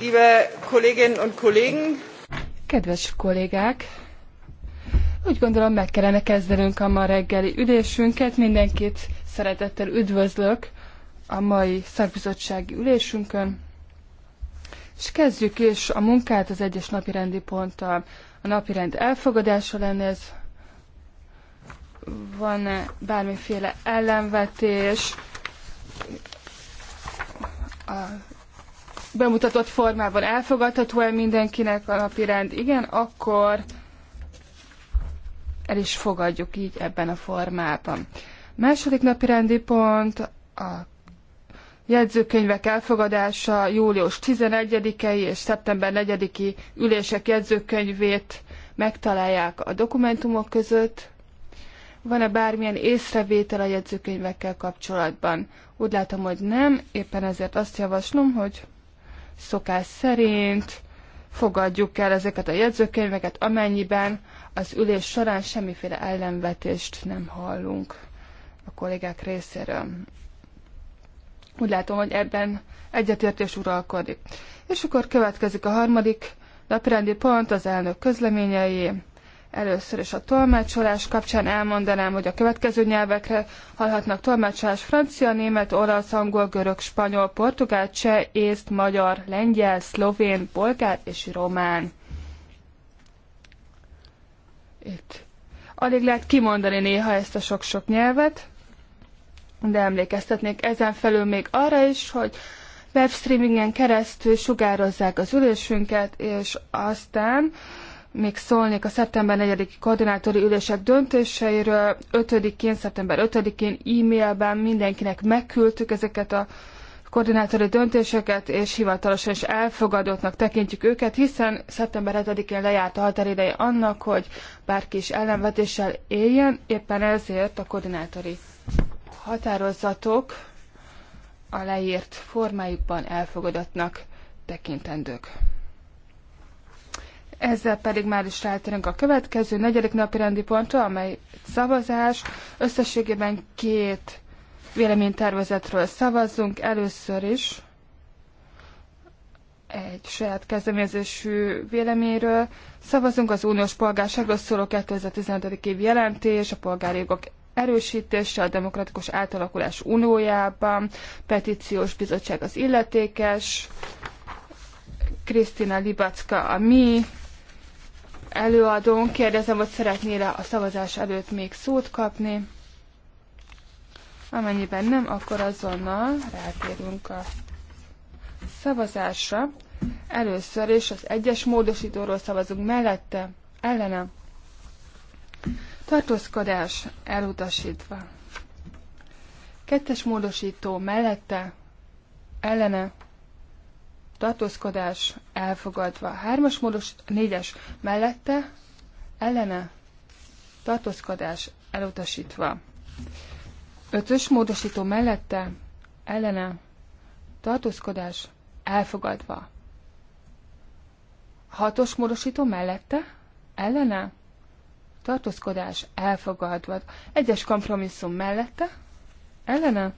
liebe Kolleginnen und Kollegen! Kedves kollégák! Úgy gondolom meg kellene kezdenünk a ma reggeli ülésünket. Mindenkit szeretettel üdvözlök a mai szakbizottsági ülésünkön. És kezdjük is a munkát az egyes napirendi ponttal. A napirend elfogadása lenne ez. Van-e bármiféle ellenvetés? a bemutatott formában elfogadható-e mindenkinek a napirend? Igen, akkor el is fogadjuk így ebben a formában. A második napirendi pont a jegyzőkönyvek elfogadása július 11-i és szeptember 4-i ülések jegyzőkönyvét megtalálják a dokumentumok között. Van-e bármilyen észrevétel a jegyzőkönyvekkel kapcsolatban? Úgy látom, hogy nem, éppen ezért azt javaslom, hogy szokás szerint fogadjuk el ezeket a jegyzőkönyveket, amennyiben az ülés során semmiféle ellenvetést nem hallunk a kollégák részéről. Úgy látom, hogy ebben egyetértés uralkodik. És akkor következik a harmadik napirendi pont, az elnök közleményei. Először is a tolmácsolás kapcsán elmondanám, hogy a következő nyelvekre hallhatnak tolmácsolás francia, német, olasz, angol, görög, spanyol, portugál, cseh, észt, magyar, lengyel, szlovén, bolgár és román. Itt. Alig lehet kimondani néha ezt a sok-sok nyelvet, de emlékeztetnék ezen felül még arra is, hogy webstreamingen keresztül sugározzák az ülésünket, és aztán még szólnék a szeptember 4 koordinátori ülések döntéseiről. 5-én, szeptember 5-én e-mailben mindenkinek megküldtük ezeket a koordinátori döntéseket, és hivatalosan is elfogadottnak tekintjük őket, hiszen szeptember 7-én lejárt a határideje annak, hogy bárki is ellenvetéssel éljen, éppen ezért a koordinátori határozatok a leírt formájukban elfogadottnak tekintendők. Ezzel pedig már is rátérünk a következő negyedik napi rendi pontra, amely szavazás. Összességében két véleménytervezetről szavazzunk. Először is egy saját kezdeményezésű véleményről. Szavazunk az uniós polgárságról szóló 2015. év jelentés, a polgári jogok erősítése a demokratikus átalakulás uniójában, petíciós bizottság az illetékes, Krisztina Libacka a mi előadón. Kérdezem, hogy szeretnél a szavazás előtt még szót kapni. Amennyiben nem, akkor azonnal rátérünk a szavazásra. Először is az egyes módosítóról szavazunk mellette, ellene. Tartózkodás elutasítva. Kettes módosító mellette, ellene. Tartózkodás elfogadva. Hármas módos, négyes mellette, ellene, tartózkodás elutasítva. Ötös módosító mellette, ellene, tartózkodás elfogadva. Hatos módosító mellette, ellene, tartózkodás elfogadva. Egyes kompromisszum mellette, ellene,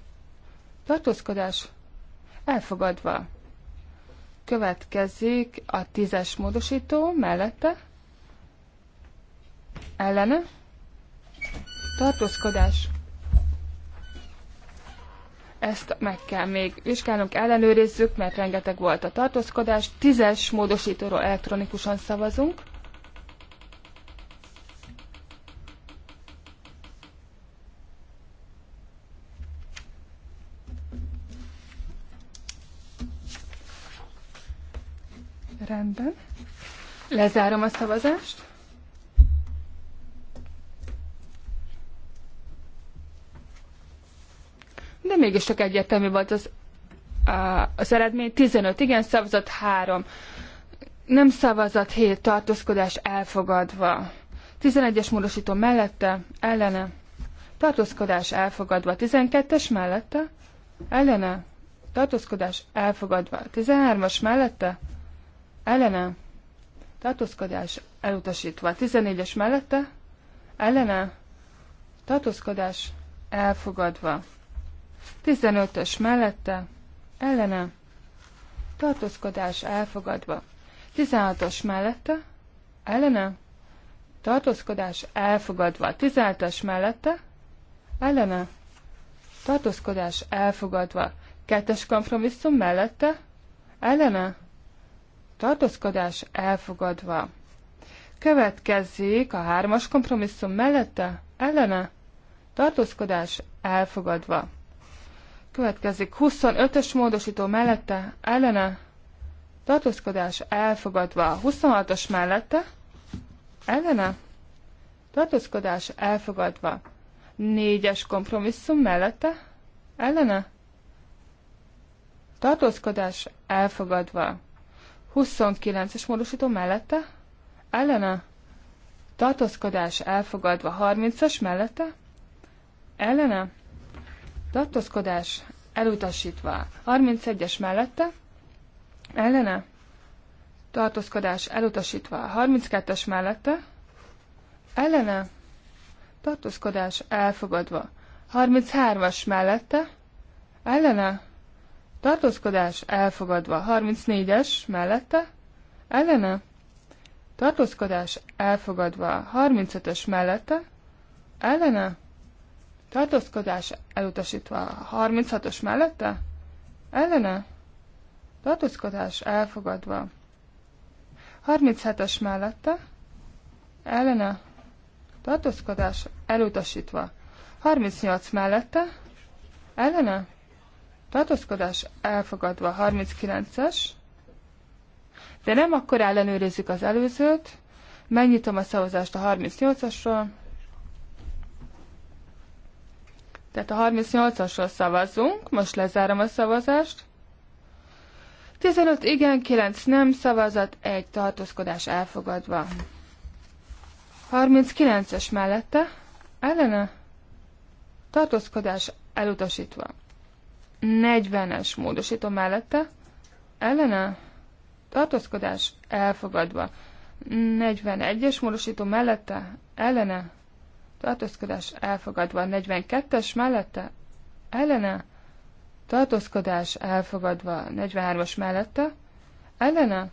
tartózkodás elfogadva. Következik a tízes módosító mellette. Ellene. Tartózkodás. Ezt meg kell még vizsgálnunk, ellenőrizzük, mert rengeteg volt a tartózkodás. Tízes módosítóról elektronikusan szavazunk. Lezárom a szavazást. De mégis csak egyértelmű volt az, a, az eredmény. 15 igen szavazat, 3 nem szavazat, 7 tartózkodás elfogadva. 11-es módosító mellette, ellene. Tartózkodás elfogadva. 12-es mellette, ellene. Tartózkodás elfogadva. 13-as mellette, ellene tartózkodás elutasítva. 14-es mellette ellene tartózkodás elfogadva. 15-ös mellette ellene tartózkodás elfogadva. 16-os mellette ellene tartózkodás elfogadva. 17-es mellette ellene tartózkodás elfogadva. 2-es kompromisszum mellette ellene tartózkodás elfogadva. Következzék a hármas kompromisszum mellette, ellene, tartózkodás elfogadva. Következik 25-ös módosító mellette, ellene, tartózkodás elfogadva. 26-os mellette, ellene, tartózkodás elfogadva. 4-es kompromisszum mellette, ellene, tartózkodás elfogadva. 29-es módosító mellette, ellene, tartózkodás elfogadva 30-as mellette, ellene, tartózkodás elutasítva 31-es mellette, ellene, tartózkodás elutasítva 32-es mellette, ellene, tartózkodás elfogadva 33-as mellette, ellene, tartózkodás elfogadva. 34-es mellette, ellene, tartózkodás elfogadva. 35-ös mellette, ellene, tartózkodás elutasítva. 36-os mellette, ellene, tartózkodás elfogadva. 37-es mellette, ellene, tartózkodás elutasítva. 38 mellette, ellene, tartózkodás elfogadva 39-es, de nem akkor ellenőrizzük az előzőt, megnyitom a szavazást a 38-asról, tehát a 38-asról szavazzunk, most lezárom a szavazást, 15 igen, 9 nem szavazat, 1 tartózkodás elfogadva. 39-es mellette, ellene, tartózkodás elutasítva. 40-es módosító mellette ellene tartózkodás elfogadva. 41-es módosító mellette ellene tartózkodás elfogadva. 42-es mellette ellene tartózkodás elfogadva. 43-as mellette ellene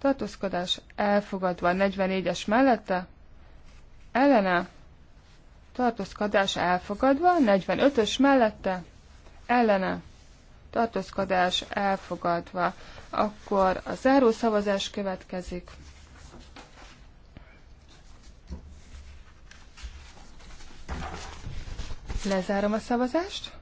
tartózkodás elfogadva. 44-es mellette ellene tartózkodás elfogadva. 45-ös mellette ellene tartózkodás elfogadva. Akkor a záró szavazás következik. Lezárom a szavazást.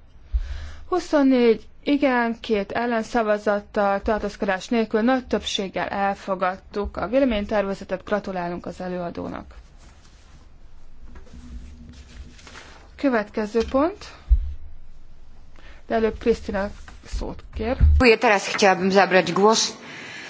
24 igen, két ellenszavazattal, tartózkodás nélkül nagy többséggel elfogadtuk a véleménytervezetet, gratulálunk az előadónak. Következő pont de előbb Krisztina szót kér. Teraz chciałabym zabrać głos.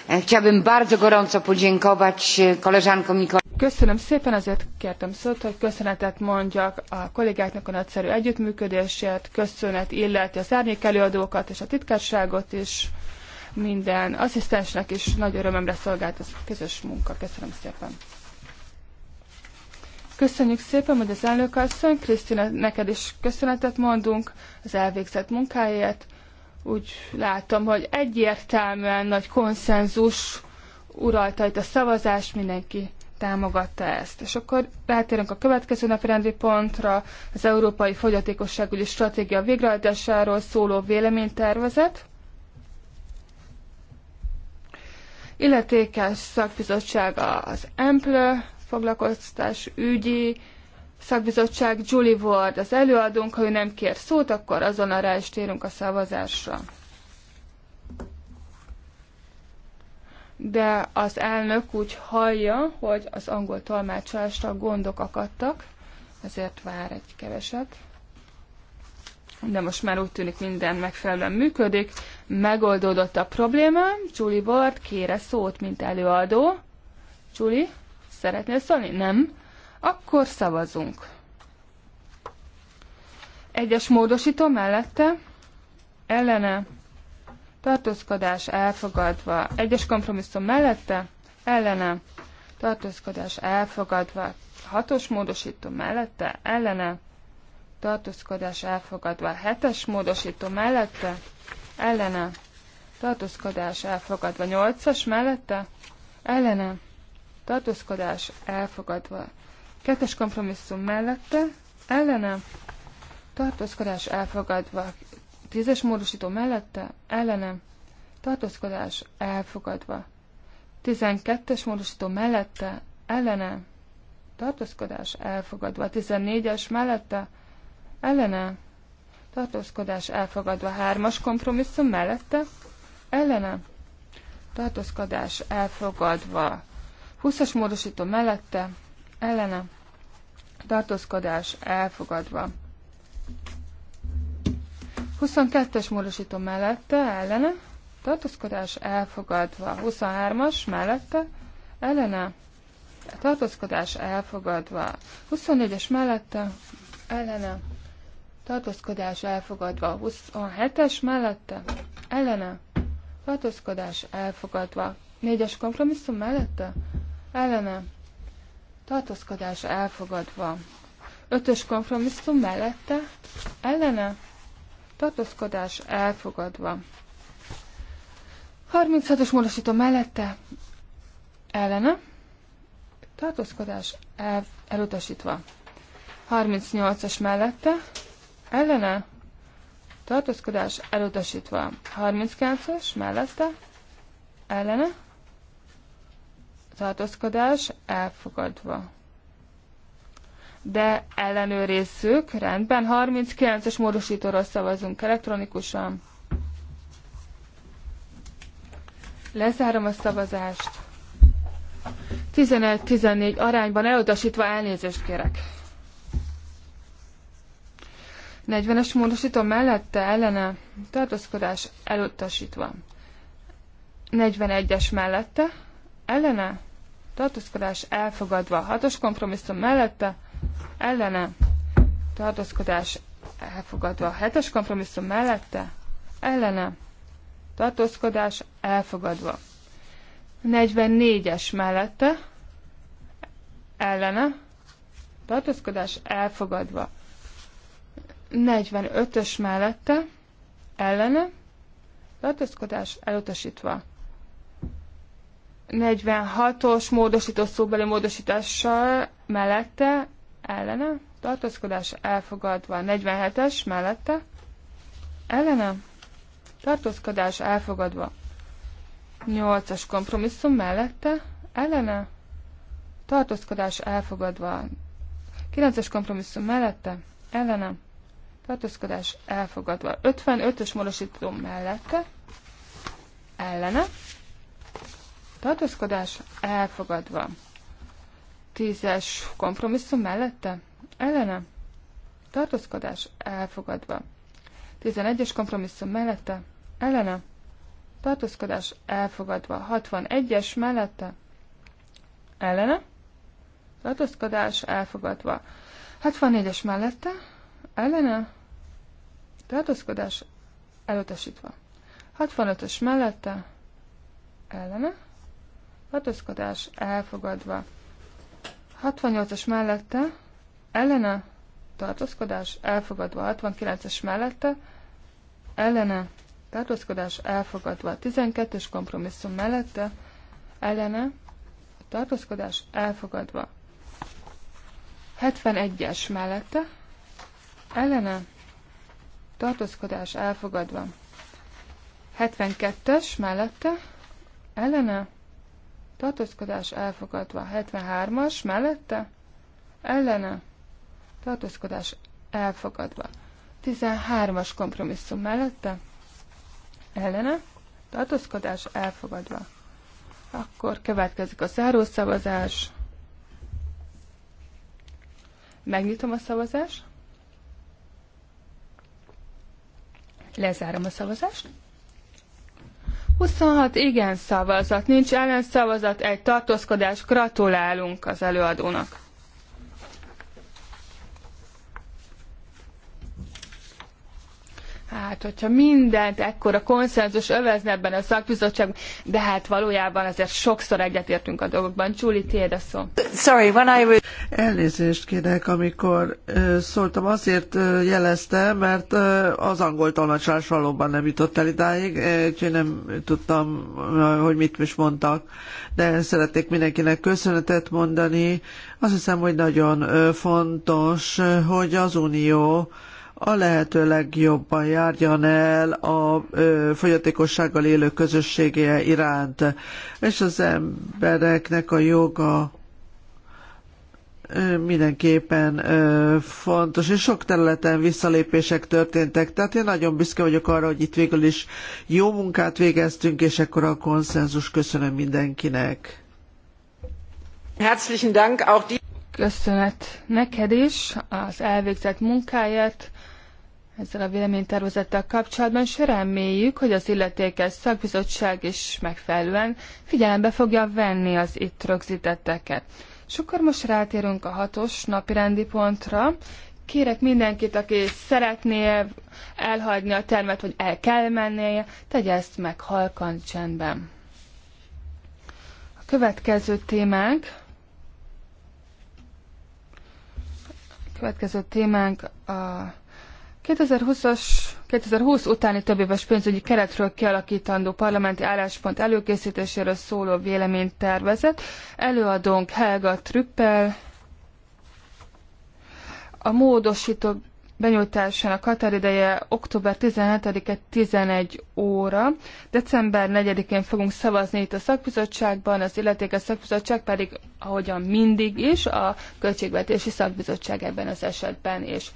E, chciałabym bardzo gorąco podziękować e, koleżankom i Köszönöm szépen, ezért kértem szót, hogy köszönetet mondjak a kollégáknak a nagyszerű együttműködésért, köszönet illeti az árnyék előadókat és a titkárságot is, minden asszisztensnek is nagy örömömre szolgált ez a közös munka. Köszönöm szépen. Köszönjük szépen, hogy az elnök asszony. Krisztina, neked is köszönetet mondunk az elvégzett munkáért. Úgy látom, hogy egyértelműen nagy konszenzus uralta itt a szavazás, mindenki támogatta ezt. És akkor rátérünk a következő rendi pontra, az Európai Fogyatékosságügyi Stratégia végrehajtásáról szóló véleménytervezet. Illetékes szakbizottság az EMPLÖ, foglalkoztatás ügyi szakbizottság Julie Ward az előadónk, ha ő nem kér szót, akkor azonnal rá is térünk a szavazásra. De az elnök úgy hallja, hogy az angol tolmácsolásra gondok akadtak, ezért vár egy keveset. De most már úgy tűnik minden megfelelően működik. Megoldódott a probléma. Julie Ward kére szót, mint előadó. Julie? Szeretnél szólni? Nem? Akkor szavazunk. Egyes módosító mellette ellene tartózkodás elfogadva. Egyes kompromisszum mellette ellene tartózkodás elfogadva. Hatos módosító mellette ellene tartózkodás elfogadva. Hetes módosító mellette ellene tartózkodás elfogadva. Nyolcas mellette ellene tartózkodás elfogadva. Kettes kompromisszum mellette, ellene, tartózkodás elfogadva. Tízes módosító mellette, ellene, tartózkodás elfogadva. Tizenkettes módosító mellette, ellene, tartózkodás elfogadva. Tizennégyes mellette, ellene, tartózkodás elfogadva. Hármas kompromisszum mellette, ellene, tartózkodás elfogadva. 20-as módosító mellette ellene tartózkodás elfogadva. 22-es módosító mellette ellene tartózkodás elfogadva. 23-as mellette ellene tartózkodás elfogadva. 24-es mellette ellene tartózkodás elfogadva. 27-es mellette ellene tartózkodás elfogadva. 4-es kompromisszum mellette ellene tartózkodás elfogadva. Ötös kompromisszum mellette ellene tartózkodás elfogadva. 36-os módosító mellette ellene tartózkodás el, elutasítva. 38-as mellette ellene tartózkodás elutasítva. 39-as mellette ellene tartózkodás elfogadva. De ellenőrizzük, rendben, 39-es módosítóról szavazunk elektronikusan. Lezárom a szavazást. 11-14 arányban elutasítva elnézést kérek. 40-es módosító mellette ellene tartózkodás elutasítva. 41-es mellette ellene tartózkodás elfogadva. Hatos kompromisszum mellette ellene tartózkodás elfogadva. Hetes kompromisszum mellette ellene tartózkodás elfogadva. 44-es mellette ellene tartózkodás elfogadva. 45-ös mellette ellene tartózkodás elutasítva. 46-os módosító szóbeli módosítással mellette ellene, tartózkodás elfogadva 47-es mellette ellene, tartózkodás elfogadva 8-as kompromisszum mellette ellene, tartózkodás elfogadva 9-es kompromisszum mellette ellene, tartózkodás elfogadva 55-ös módosító mellette ellene, tartózkodás elfogadva. Tízes kompromisszum mellette, ellene, tartózkodás elfogadva. Tizenegyes kompromisszum mellette, ellene, tartózkodás elfogadva. 61-es mellette, ellene, tartózkodás elfogadva. 64-es mellette, ellene, tartózkodás elutasítva. 65-ös mellette, ellene, tartózkodás elfogadva. 68-as mellette ellene tartózkodás elfogadva. 69-es mellette ellene tartózkodás elfogadva. 12-es kompromisszum mellette ellene tartózkodás elfogadva. 71-es mellette ellene tartózkodás elfogadva. 72-es mellette ellene tartózkodás elfogadva. 73-as mellette ellene tartózkodás elfogadva. 13-as kompromisszum mellette ellene tartózkodás elfogadva. Akkor következik a zárószavazás. Megnyitom a szavazást. Lezárom a szavazást. 26 igen szavazat, nincs ellenszavazat, egy tartózkodás. Gratulálunk az előadónak. Hát, hogyha mindent ekkora konszenzus övezne ebben a szakbizottságban, de hát valójában azért sokszor egyetértünk a dolgokban. Csúli, tiéd a szó. Sorry, when I was... Elnézést kérek, amikor ö, szóltam, azért ö, jeleztem, mert ö, az angol tanácsás valóban nem jutott el idáig, úgyhogy nem tudtam, hogy mit is mondtak, de szeretnék mindenkinek köszönetet mondani. Azt hiszem, hogy nagyon fontos, hogy az Unió a lehető legjobban járjon el a fogyatékossággal élő közössége iránt, és az embereknek a joga mindenképpen fontos, és sok területen visszalépések történtek, tehát én nagyon büszke vagyok arra, hogy itt végül is jó munkát végeztünk, és ekkor a konszenzus köszönöm mindenkinek. Herzlichen Dank auch die Köszönet neked is az elvégzett munkáját ezzel a véleménytervezettel kapcsolatban, és reméljük, hogy az illetékes szakbizottság is megfelelően figyelembe fogja venni az itt rögzítetteket. És akkor most rátérünk a hatos napi rendi pontra. Kérek mindenkit, aki szeretné elhagyni a termet, hogy el kell mennie, tegye ezt meg halkan csendben. A következő témánk a következő témánk a 2020-as, 2020 utáni többéves pénzügyi keretről kialakítandó parlamenti álláspont előkészítéséről szóló véleménytervezet. Előadónk Helga Trüppel. A módosító benyújtásának határideje október 17-e 11 óra. December 4-én fogunk szavazni itt a szakbizottságban, az illetékes szakbizottság pedig, ahogyan mindig is, a költségvetési szakbizottság ebben az esetben is. És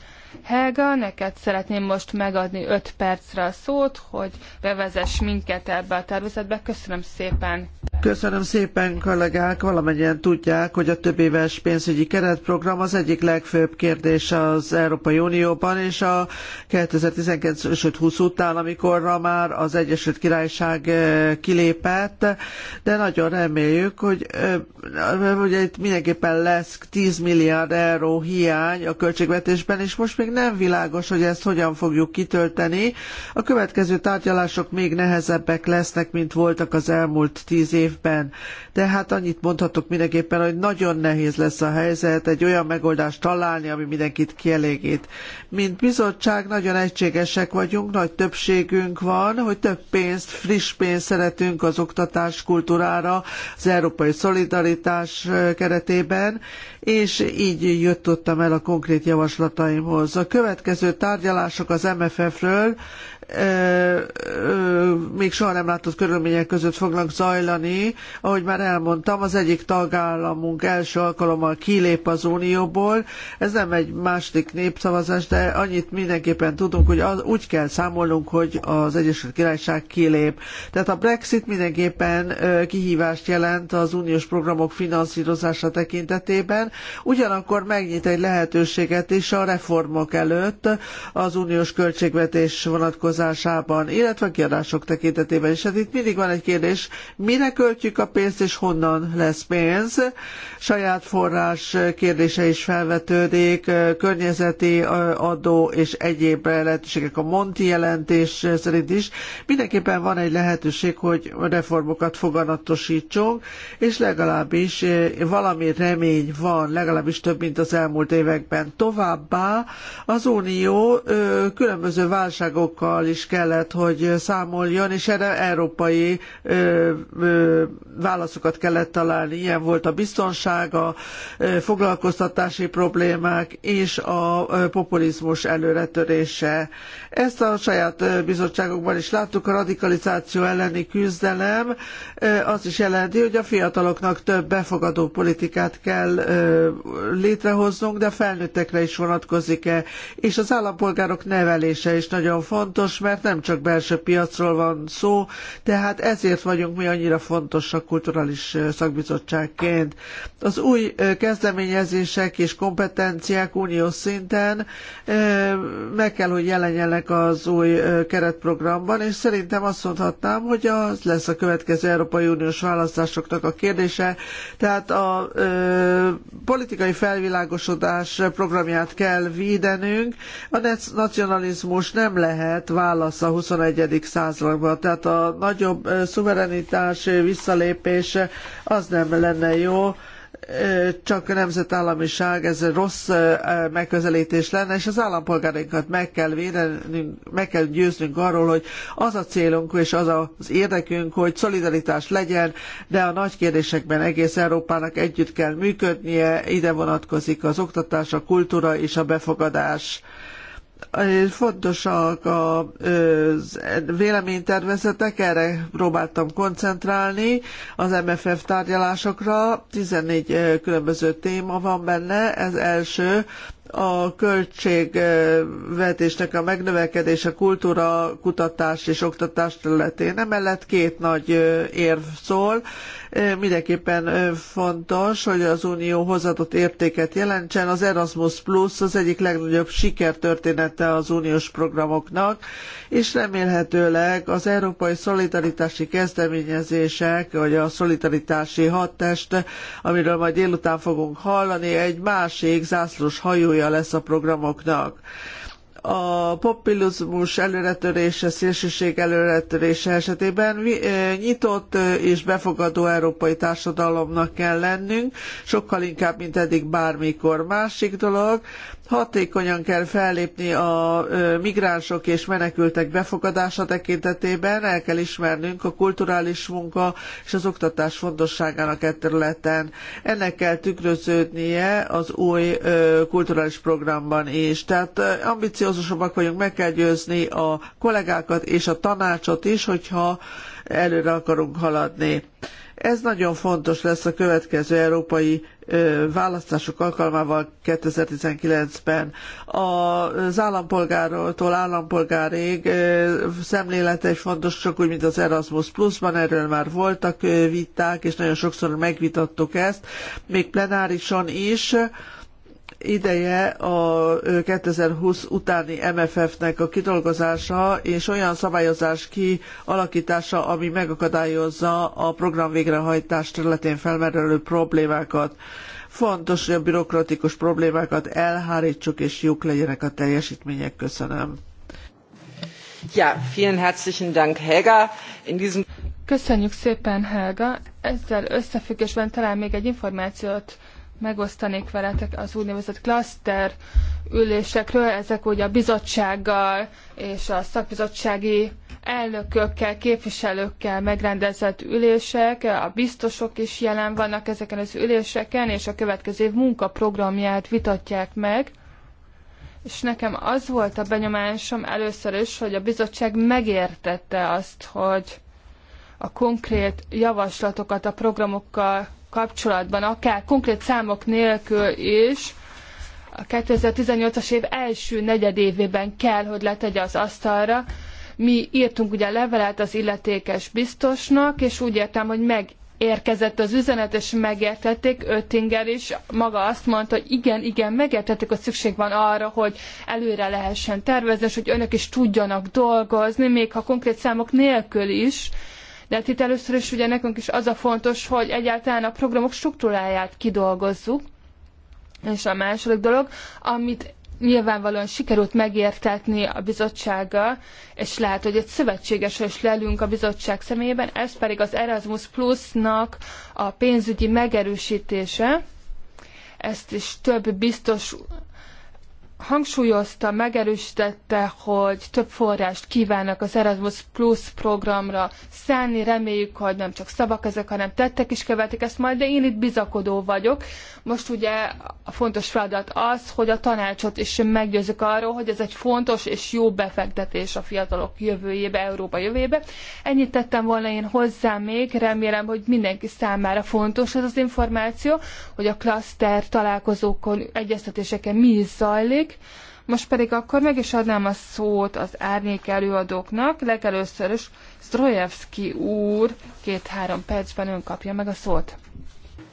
Helga, neked szeretném most megadni 5 percre a szót, hogy bevezess minket ebbe a tervezetbe. Köszönöm szépen. Köszönöm szépen, kollégák. Valamennyien tudják, hogy a éves pénzügyi keretprogram az egyik legfőbb kérdés az Európai Unióban, és a 2019-20 után, amikor már az Egyesült Királyság kilépett, de nagyon reméljük, hogy ugye itt mindenképpen lesz 10 milliárd euró hiány a költségvetésben, és most még nem világos, hogy ezt hogyan fogjuk kitölteni. A következő tárgyalások még nehezebbek lesznek, mint voltak az elmúlt tíz évben de hát annyit mondhatok mindenképpen, hogy nagyon nehéz lesz a helyzet, egy olyan megoldást találni, ami mindenkit kielégít. Mint bizottság nagyon egységesek vagyunk, nagy többségünk van, hogy több pénzt, friss pénzt szeretünk az oktatás kultúrára, az európai szolidaritás keretében, és így jöttöttem el a konkrét javaslataimhoz. A következő tárgyalások az MFF-ről még soha nem látott körülmények között fognak zajlani. Ahogy már elmondtam, az egyik tagállamunk első alkalommal kilép az Unióból. Ez nem egy második népszavazás, de annyit mindenképpen tudunk, hogy az, úgy kell számolnunk, hogy az Egyesült Királyság kilép. Tehát a Brexit mindenképpen kihívást jelent az uniós programok finanszírozása tekintetében, ugyanakkor megnyit egy lehetőséget is a reformok előtt az uniós költségvetés vonatkozásában vonatkozásában, illetve a kiadások tekintetében is. Hát itt mindig van egy kérdés, mire költjük a pénzt és honnan lesz pénz. Saját forrás kérdése is felvetődik, környezeti adó és egyéb lehetőségek a Monti jelentés szerint is. Mindenképpen van egy lehetőség, hogy reformokat foganatosítsunk, és legalábbis valami remény van, legalábbis több, mint az elmúlt években. Továbbá az Unió különböző válságokkal azzal is kellett, hogy számoljon, és erre európai ö, ö, válaszokat kellett találni. Ilyen volt a biztonság, a foglalkoztatási problémák és a populizmus előretörése. Ezt a saját bizottságunkban bizottságokban is láttuk, a radikalizáció elleni küzdelem Az azt is jelenti, hogy a fiataloknak több befogadó politikát kell létrehoznunk, de felnőttekre is vonatkozik-e. És az állampolgárok nevelése is nagyon fontos, fontos, mert nem csak belső piacról van szó, tehát ezért vagyunk mi annyira fontosak kulturális szakbizottságként. Az új kezdeményezések és kompetenciák uniós szinten meg kell, hogy jelenjenek az új keretprogramban, és szerintem azt mondhatnám, hogy az lesz a következő Európai Uniós választásoknak a kérdése, tehát a politikai felvilágosodás programját kell védenünk, a nacionalizmus nem lehet válasz a 21. században. Tehát a nagyobb szuverenitás visszalépése az nem lenne jó, csak nemzetállamiság, ez rossz megközelítés lenne, és az állampolgárainkat meg kell védenünk, meg kell győznünk arról, hogy az a célunk és az az érdekünk, hogy szolidaritás legyen, de a nagy kérdésekben egész Európának együtt kell működnie, ide vonatkozik az oktatás, a kultúra és a befogadás Fontosak a véleménytervezetek, erre próbáltam koncentrálni az MFF tárgyalásokra. 14 különböző téma van benne, ez első a költségvetésnek a megnövekedése kultúra, kutatás és oktatás területén. Emellett két nagy érv szól. Mindenképpen fontos, hogy az Unió hozadott értéket jelentsen. Az Erasmus Plus az egyik legnagyobb sikertörténete az uniós programoknak, és remélhetőleg az európai szolidaritási kezdeményezések, vagy a szolidaritási hattest, amiről majd délután fogunk hallani, egy másik zászlós hajója lesz a programoknak a populizmus előretörése, szélsőség előretörése esetében nyitott és befogadó európai társadalomnak kell lennünk, sokkal inkább, mint eddig bármikor. Másik dolog, hatékonyan kell fellépni a migránsok és menekültek befogadása tekintetében, el kell ismernünk a kulturális munka és az oktatás fontosságának e területen. Ennek kell tükröződnie az új kulturális programban is. Tehát ambiciózus konzenzusosak vagyunk, meg kell győzni a kollégákat és a tanácsot is, hogyha előre akarunk haladni. Ez nagyon fontos lesz a következő európai választások alkalmával 2019-ben. Az állampolgártól állampolgárig szemlélete is fontos, csak úgy, mint az Erasmus Plus-ban, erről már voltak viták, és nagyon sokszor megvitattuk ezt, még plenárison is ideje a 2020 utáni MFF-nek a kidolgozása és olyan szabályozás kialakítása, ami megakadályozza a program végrehajtás területén felmerülő problémákat. Fontos, hogy a bürokratikus problémákat elhárítsuk és jók legyenek a teljesítmények. Köszönöm. Ja, vielen herzlichen Dank, Helga. In diesem... Köszönjük szépen, Helga. Ezzel összefüggésben talán még egy információt megosztanék veletek az úgynevezett cluster ülésekről. Ezek ugye a bizottsággal és a szakbizottsági elnökökkel, képviselőkkel megrendezett ülések, a biztosok is jelen vannak ezeken az üléseken, és a következő év munkaprogramját vitatják meg. És nekem az volt a benyomásom először is, hogy a bizottság megértette azt, hogy a konkrét javaslatokat a programokkal kapcsolatban, akár konkrét számok nélkül is, a 2018-as év első negyedévében kell, hogy letegye az asztalra. Mi írtunk ugye levelet az illetékes biztosnak, és úgy értem, hogy meg érkezett az üzenet, és megértették, Öttinger is maga azt mondta, hogy igen, igen, megértették, hogy szükség van arra, hogy előre lehessen tervezni, és hogy önök is tudjanak dolgozni, még ha konkrét számok nélkül is, de hát itt először is ugye nekünk is az a fontos, hogy egyáltalán a programok struktúráját kidolgozzuk. És a második dolog, amit nyilvánvalóan sikerült megértetni a bizottsággal, és lehet, hogy egy szövetséges is lelünk a bizottság személyében, ez pedig az Erasmus Plus-nak a pénzügyi megerősítése. Ezt is több biztos hangsúlyozta, megerősítette, hogy több forrást kívánnak az Erasmus Plus programra szállni. Reméljük, hogy nem csak szavak ezek, hanem tettek is követik ezt majd, de én itt bizakodó vagyok. Most ugye a fontos feladat az, hogy a tanácsot is meggyőzzük arról, hogy ez egy fontos és jó befektetés a fiatalok jövőjébe, Európa jövőjébe. Ennyit tettem volna én hozzá még, remélem, hogy mindenki számára fontos ez az információ, hogy a klaszter találkozókon, egyeztetéseken mi is zajlik, most pedig akkor meg is adnám a szót az árnyék előadóknak. Legelőször is Zdrojevski úr két-három percben ön kapja meg a szót.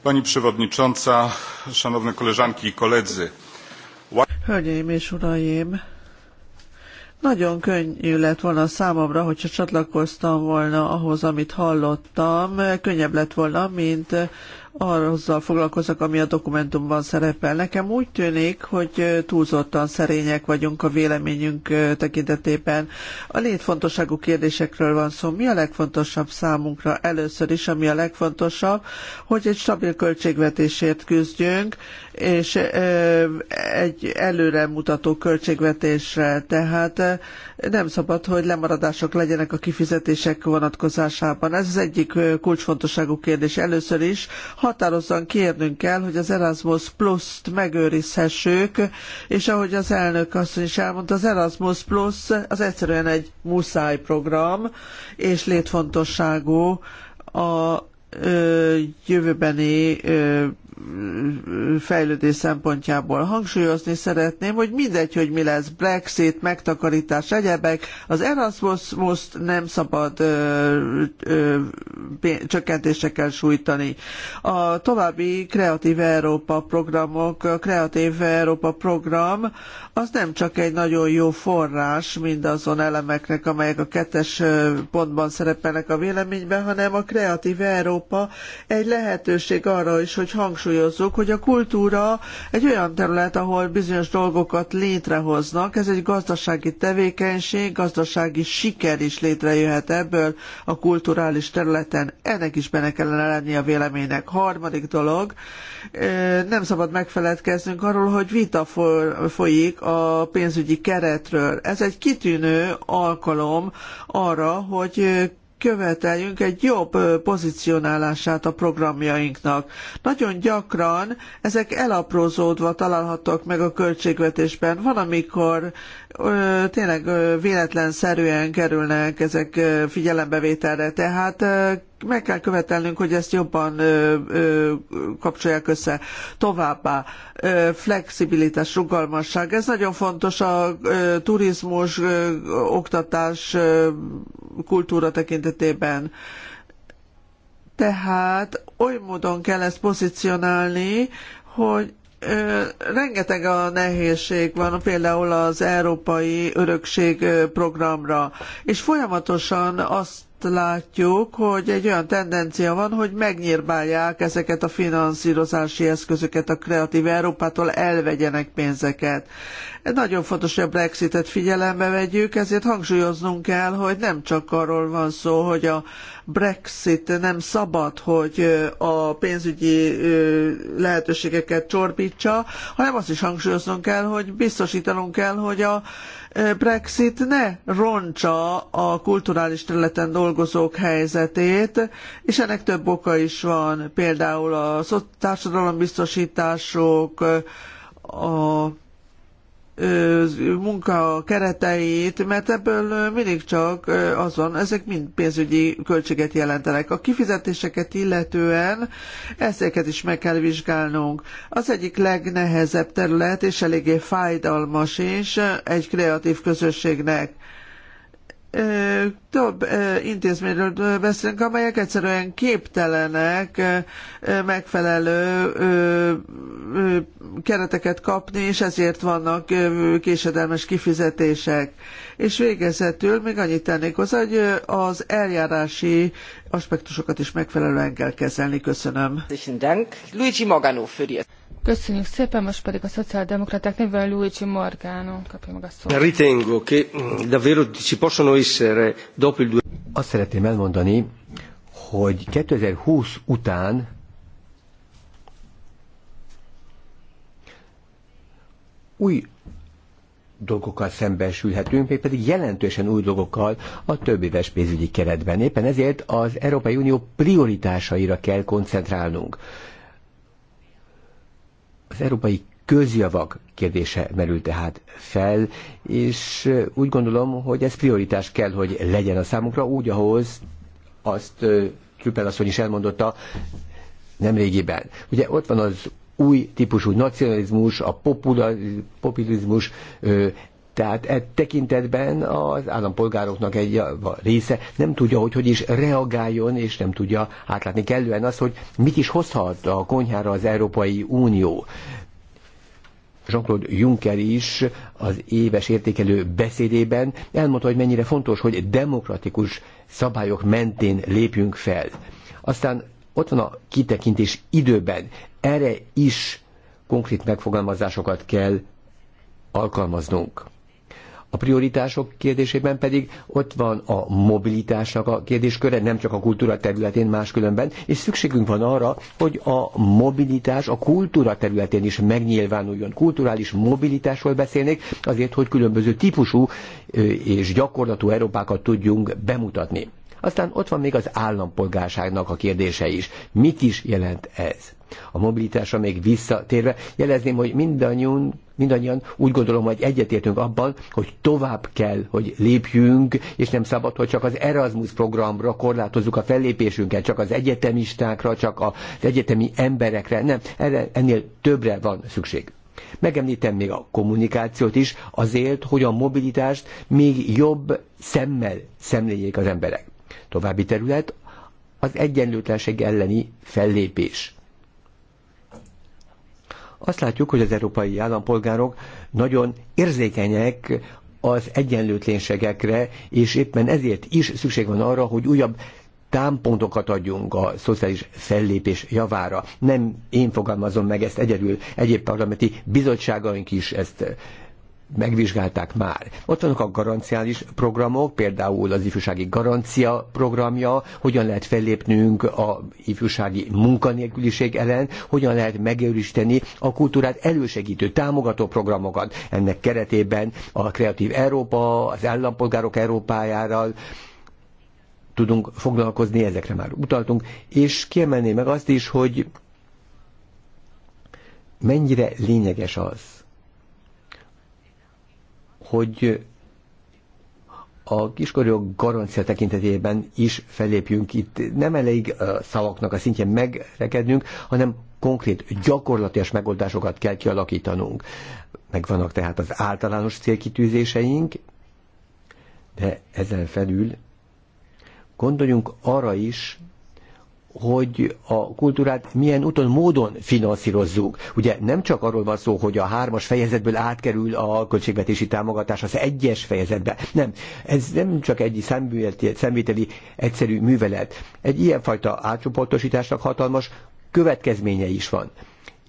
Pani Przewodnicząca, szanowne koleżanki i koledzy. Hölgyeim és uraim, nagyon könnyű lett volna számomra, hogyha csatlakoztam volna ahhoz, amit hallottam. Könnyebb lett volna, mint azzal foglalkozok, ami a dokumentumban szerepel. Nekem úgy tűnik, hogy túlzottan szerények vagyunk a véleményünk tekintetében. A létfontosságú kérdésekről van szó. Mi a legfontosabb számunkra először is, ami a legfontosabb, hogy egy stabil költségvetésért küzdjünk, és egy előremutató költségvetésre. Tehát nem szabad, hogy lemaradások legyenek a kifizetések vonatkozásában. Ez az egyik kulcsfontosságú kérdés. Először is határozzan kérnünk kell, hogy az Erasmus Plus-t megőrizhessük, és ahogy az elnök asszony is elmondta, az Erasmus Plus az egyszerűen egy muszáj program, és létfontosságú a jövőbeni fejlődés szempontjából. Hangsúlyozni szeretném, hogy mindegy, hogy mi lesz, Brexit, megtakarítás, egyebek, az Erasmus most nem szabad ö, ö, csökkentésekkel sújtani. A további Kreatív Európa programok, a Kreatív Európa program, az nem csak egy nagyon jó forrás mindazon elemeknek, amelyek a kettes pontban szerepelnek a véleményben, hanem a Kreatív Európa egy lehetőség arra is, hogy hangsúlyozni hangsúlyozzuk, hogy a kultúra egy olyan terület, ahol bizonyos dolgokat létrehoznak, ez egy gazdasági tevékenység, gazdasági siker is létrejöhet ebből a kulturális területen. Ennek is benne kellene lenni a véleménynek. Harmadik dolog, nem szabad megfeledkeznünk arról, hogy vita folyik a pénzügyi keretről. Ez egy kitűnő alkalom arra, hogy követeljünk egy jobb pozícionálását a programjainknak. Nagyon gyakran ezek elaprózódva találhatók meg a költségvetésben. Van, amikor tényleg véletlenszerűen kerülnek ezek figyelembevételre, tehát meg kell követelnünk, hogy ezt jobban ö, ö, kapcsolják össze. Továbbá ö, flexibilitás, rugalmasság. Ez nagyon fontos a ö, turizmus, ö, oktatás, ö, kultúra tekintetében. Tehát oly módon kell ezt pozícionálni, hogy rengeteg a nehézség van, például az Európai Örökség programra, és folyamatosan azt látjuk, hogy egy olyan tendencia van, hogy megnyírbálják ezeket a finanszírozási eszközöket a kreatív Európától, elvegyenek pénzeket. Nagyon fontos, hogy a Brexitet figyelembe vegyük, ezért hangsúlyoznunk kell, hogy nem csak arról van szó, hogy a Brexit nem szabad, hogy a pénzügyi lehetőségeket csorbítsa, hanem azt is hangsúlyoznunk kell, hogy biztosítanunk kell, hogy a Brexit ne roncsa a kulturális területen dolgozók helyzetét, és ennek több oka is van, például a társadalombiztosítások, a munka kereteit, mert ebből mindig csak az van, ezek mind pénzügyi költséget jelentenek. A kifizetéseket illetően ezeket is meg kell vizsgálnunk. Az egyik legnehezebb terület, és eléggé fájdalmas is egy kreatív közösségnek több intézményről beszélünk, amelyek egyszerűen képtelenek megfelelő kereteket kapni, és ezért vannak késedelmes kifizetések. És végezetül még annyit tennék hozzá, hogy az eljárási aspektusokat is megfelelően kell kezelni. Köszönöm. Luigi Magano Köszönjük szépen, most pedig a szociáldemokraták nevében Luigi Morgano kapja meg a szót. Ritengo che mm, davvero ci possono essere dopo il Azt szeretném elmondani, hogy 2020 után új dolgokkal szembesülhetünk, még pedig jelentősen új dolgokkal a több éves pénzügyi keretben. Éppen ezért az Európai Unió prioritásaira kell koncentrálnunk európai közjavak kérdése merül tehát fel, és úgy gondolom, hogy ez prioritás kell, hogy legyen a számunkra, úgy ahhoz azt Trüppel asszony is elmondotta nemrégiben. Ugye ott van az új típusú nacionalizmus, a populizmus, tehát e tekintetben az állampolgároknak egy része nem tudja, hogy hogy is reagáljon, és nem tudja átlátni kellően azt, hogy mit is hozhat a konyhára az Európai Unió. Jean-Claude Juncker is az éves értékelő beszédében elmondta, hogy mennyire fontos, hogy demokratikus szabályok mentén lépjünk fel. Aztán ott van a kitekintés időben. Erre is konkrét megfogalmazásokat kell alkalmaznunk. A prioritások kérdésében pedig ott van a mobilitásnak a kérdésköre, nem csak a kultúra területén máskülönben, és szükségünk van arra, hogy a mobilitás a kultúra területén is megnyilvánuljon. Kulturális mobilitásról beszélnék, azért, hogy különböző típusú és gyakorlatú Európákat tudjunk bemutatni. Aztán ott van még az állampolgárságnak a kérdése is. Mit is jelent ez? a mobilitásra még visszatérve, jelezném, hogy mindannyian, mindannyian úgy gondolom, hogy egyetértünk abban, hogy tovább kell, hogy lépjünk, és nem szabad, hogy csak az Erasmus programra korlátozzuk a fellépésünket, csak az egyetemistákra, csak az egyetemi emberekre. Nem, erre, ennél többre van szükség. Megemlítem még a kommunikációt is, azért, hogy a mobilitást még jobb szemmel szemléljék az emberek. További terület az egyenlőtlenség elleni fellépés. Azt látjuk, hogy az európai állampolgárok nagyon érzékenyek az egyenlőtlenségekre, és éppen ezért is szükség van arra, hogy újabb támpontokat adjunk a szociális fellépés javára. Nem én fogalmazom meg ezt egyedül, egyéb parlamenti bizottságaink is ezt megvizsgálták már. Ott vannak a garanciális programok, például az ifjúsági garancia programja, hogyan lehet fellépnünk a ifjúsági munkanélküliség ellen, hogyan lehet megőristeni a kultúrát elősegítő, támogató programokat. Ennek keretében a Kreatív Európa, az állampolgárok Európájára, tudunk foglalkozni, ezekre már utaltunk, és kiemelné meg azt is, hogy mennyire lényeges az, hogy a kiskorúk garancia tekintetében is felépjünk. Itt nem elég a szavaknak a szintjén megrekednünk, hanem konkrét, gyakorlatias megoldásokat kell kialakítanunk. Megvannak tehát az általános célkitűzéseink, de ezen felül gondoljunk arra is, hogy a kultúrát milyen úton, módon finanszírozzuk. Ugye nem csak arról van szó, hogy a hármas fejezetből átkerül a költségvetési támogatás az egyes fejezetbe. Nem, ez nem csak egy szemvételi egyszerű művelet. Egy ilyenfajta átcsoportosításnak hatalmas következménye is van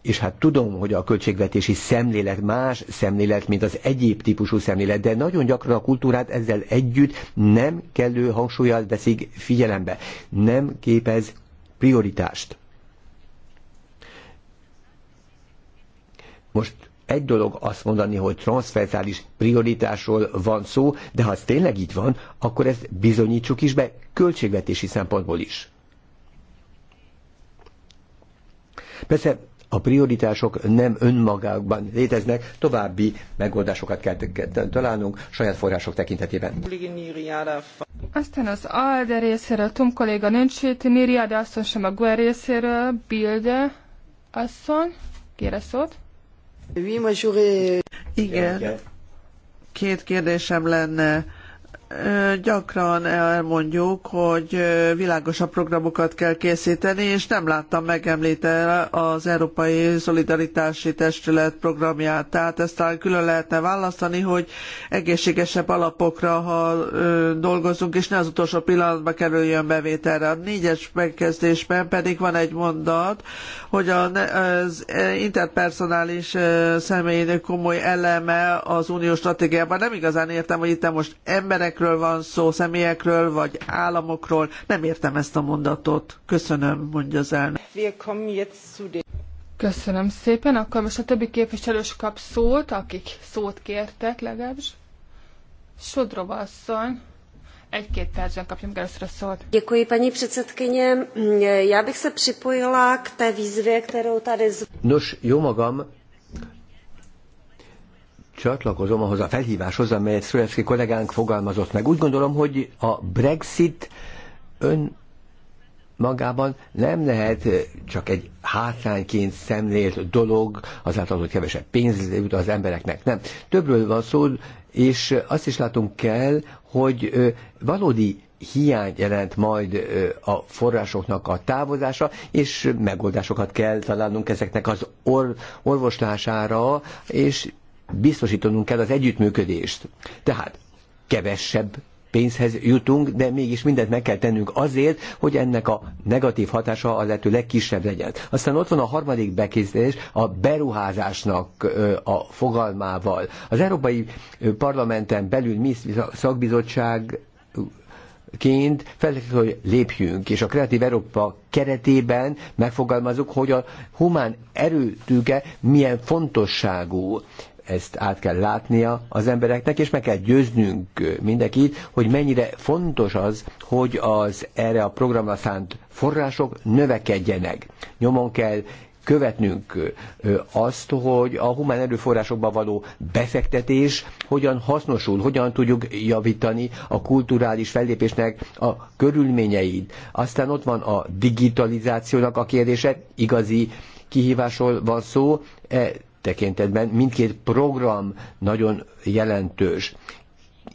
és hát tudom, hogy a költségvetési szemlélet más szemlélet, mint az egyéb típusú szemlélet, de nagyon gyakran a kultúrát ezzel együtt nem kellő hangsúlyjal veszik figyelembe. Nem képez prioritást. Most egy dolog azt mondani, hogy transzferzális prioritásról van szó, de ha ez tényleg így van, akkor ezt bizonyítsuk is be költségvetési szempontból is. Persze a prioritások nem önmagában léteznek, további megoldásokat kell találnunk saját források tekintetében. Aztán az ALDE részéről Tom kolléga nincs itt, asszony sem a GUE részéről, Bilde asszony, kére szót. Igen, két kérdésem lenne gyakran elmondjuk, hogy világosabb programokat kell készíteni, és nem láttam megemlítve az Európai Szolidaritási Testület programját. Tehát ezt talán külön lehetne választani, hogy egészségesebb alapokra, ha dolgozunk, és ne az utolsó pillanatban kerüljön bevételre. A négyes megkezdésben pedig van egy mondat, hogy az interpersonális személyi komoly eleme az uniós stratégiában. Nem igazán értem, hogy itt most emberek emberekről van szó, személyekről vagy államokról. Nem értem ezt a mondatot. Köszönöm, mondja az elnök. Köszönöm szépen. Akkor most a többi képviselős kap szót, akik szót kértek legalábbis. Sodrova asszony. Egy-két percben kapjunk először a szót. Já bych se připojila k té výzvě, kterou tady... Nos, jó magam, csatlakozom ahhoz a felhíváshoz, amelyet Szülevszki kollégánk fogalmazott meg. Úgy gondolom, hogy a Brexit ön magában nem lehet csak egy hátrányként szemlélt dolog, azáltal, hogy kevesebb pénz jut az embereknek. Nem. Többről van szó, és azt is látunk kell, hogy valódi hiány jelent majd a forrásoknak a távozása, és megoldásokat kell találnunk ezeknek az or- orvoslására, és biztosítanunk kell az együttműködést. Tehát kevesebb pénzhez jutunk, de mégis mindent meg kell tennünk azért, hogy ennek a negatív hatása a lehető legkisebb legyen. Aztán ott van a harmadik bekészítés a beruházásnak a fogalmával. Az Európai Parlamenten belül mi szakbizottság ként fel kell, hogy lépjünk, és a Kreatív Európa keretében megfogalmazunk, hogy a humán erőtűke milyen fontosságú ezt át kell látnia az embereknek, és meg kell győznünk mindenkit, hogy mennyire fontos az, hogy az erre a programra szánt források növekedjenek. Nyomon kell követnünk azt, hogy a humán erőforrásokba való befektetés hogyan hasznosul, hogyan tudjuk javítani a kulturális fellépésnek a körülményeit. Aztán ott van a digitalizációnak a kérdése, igazi kihívásról van szó, e tekintetben mindkét program nagyon jelentős,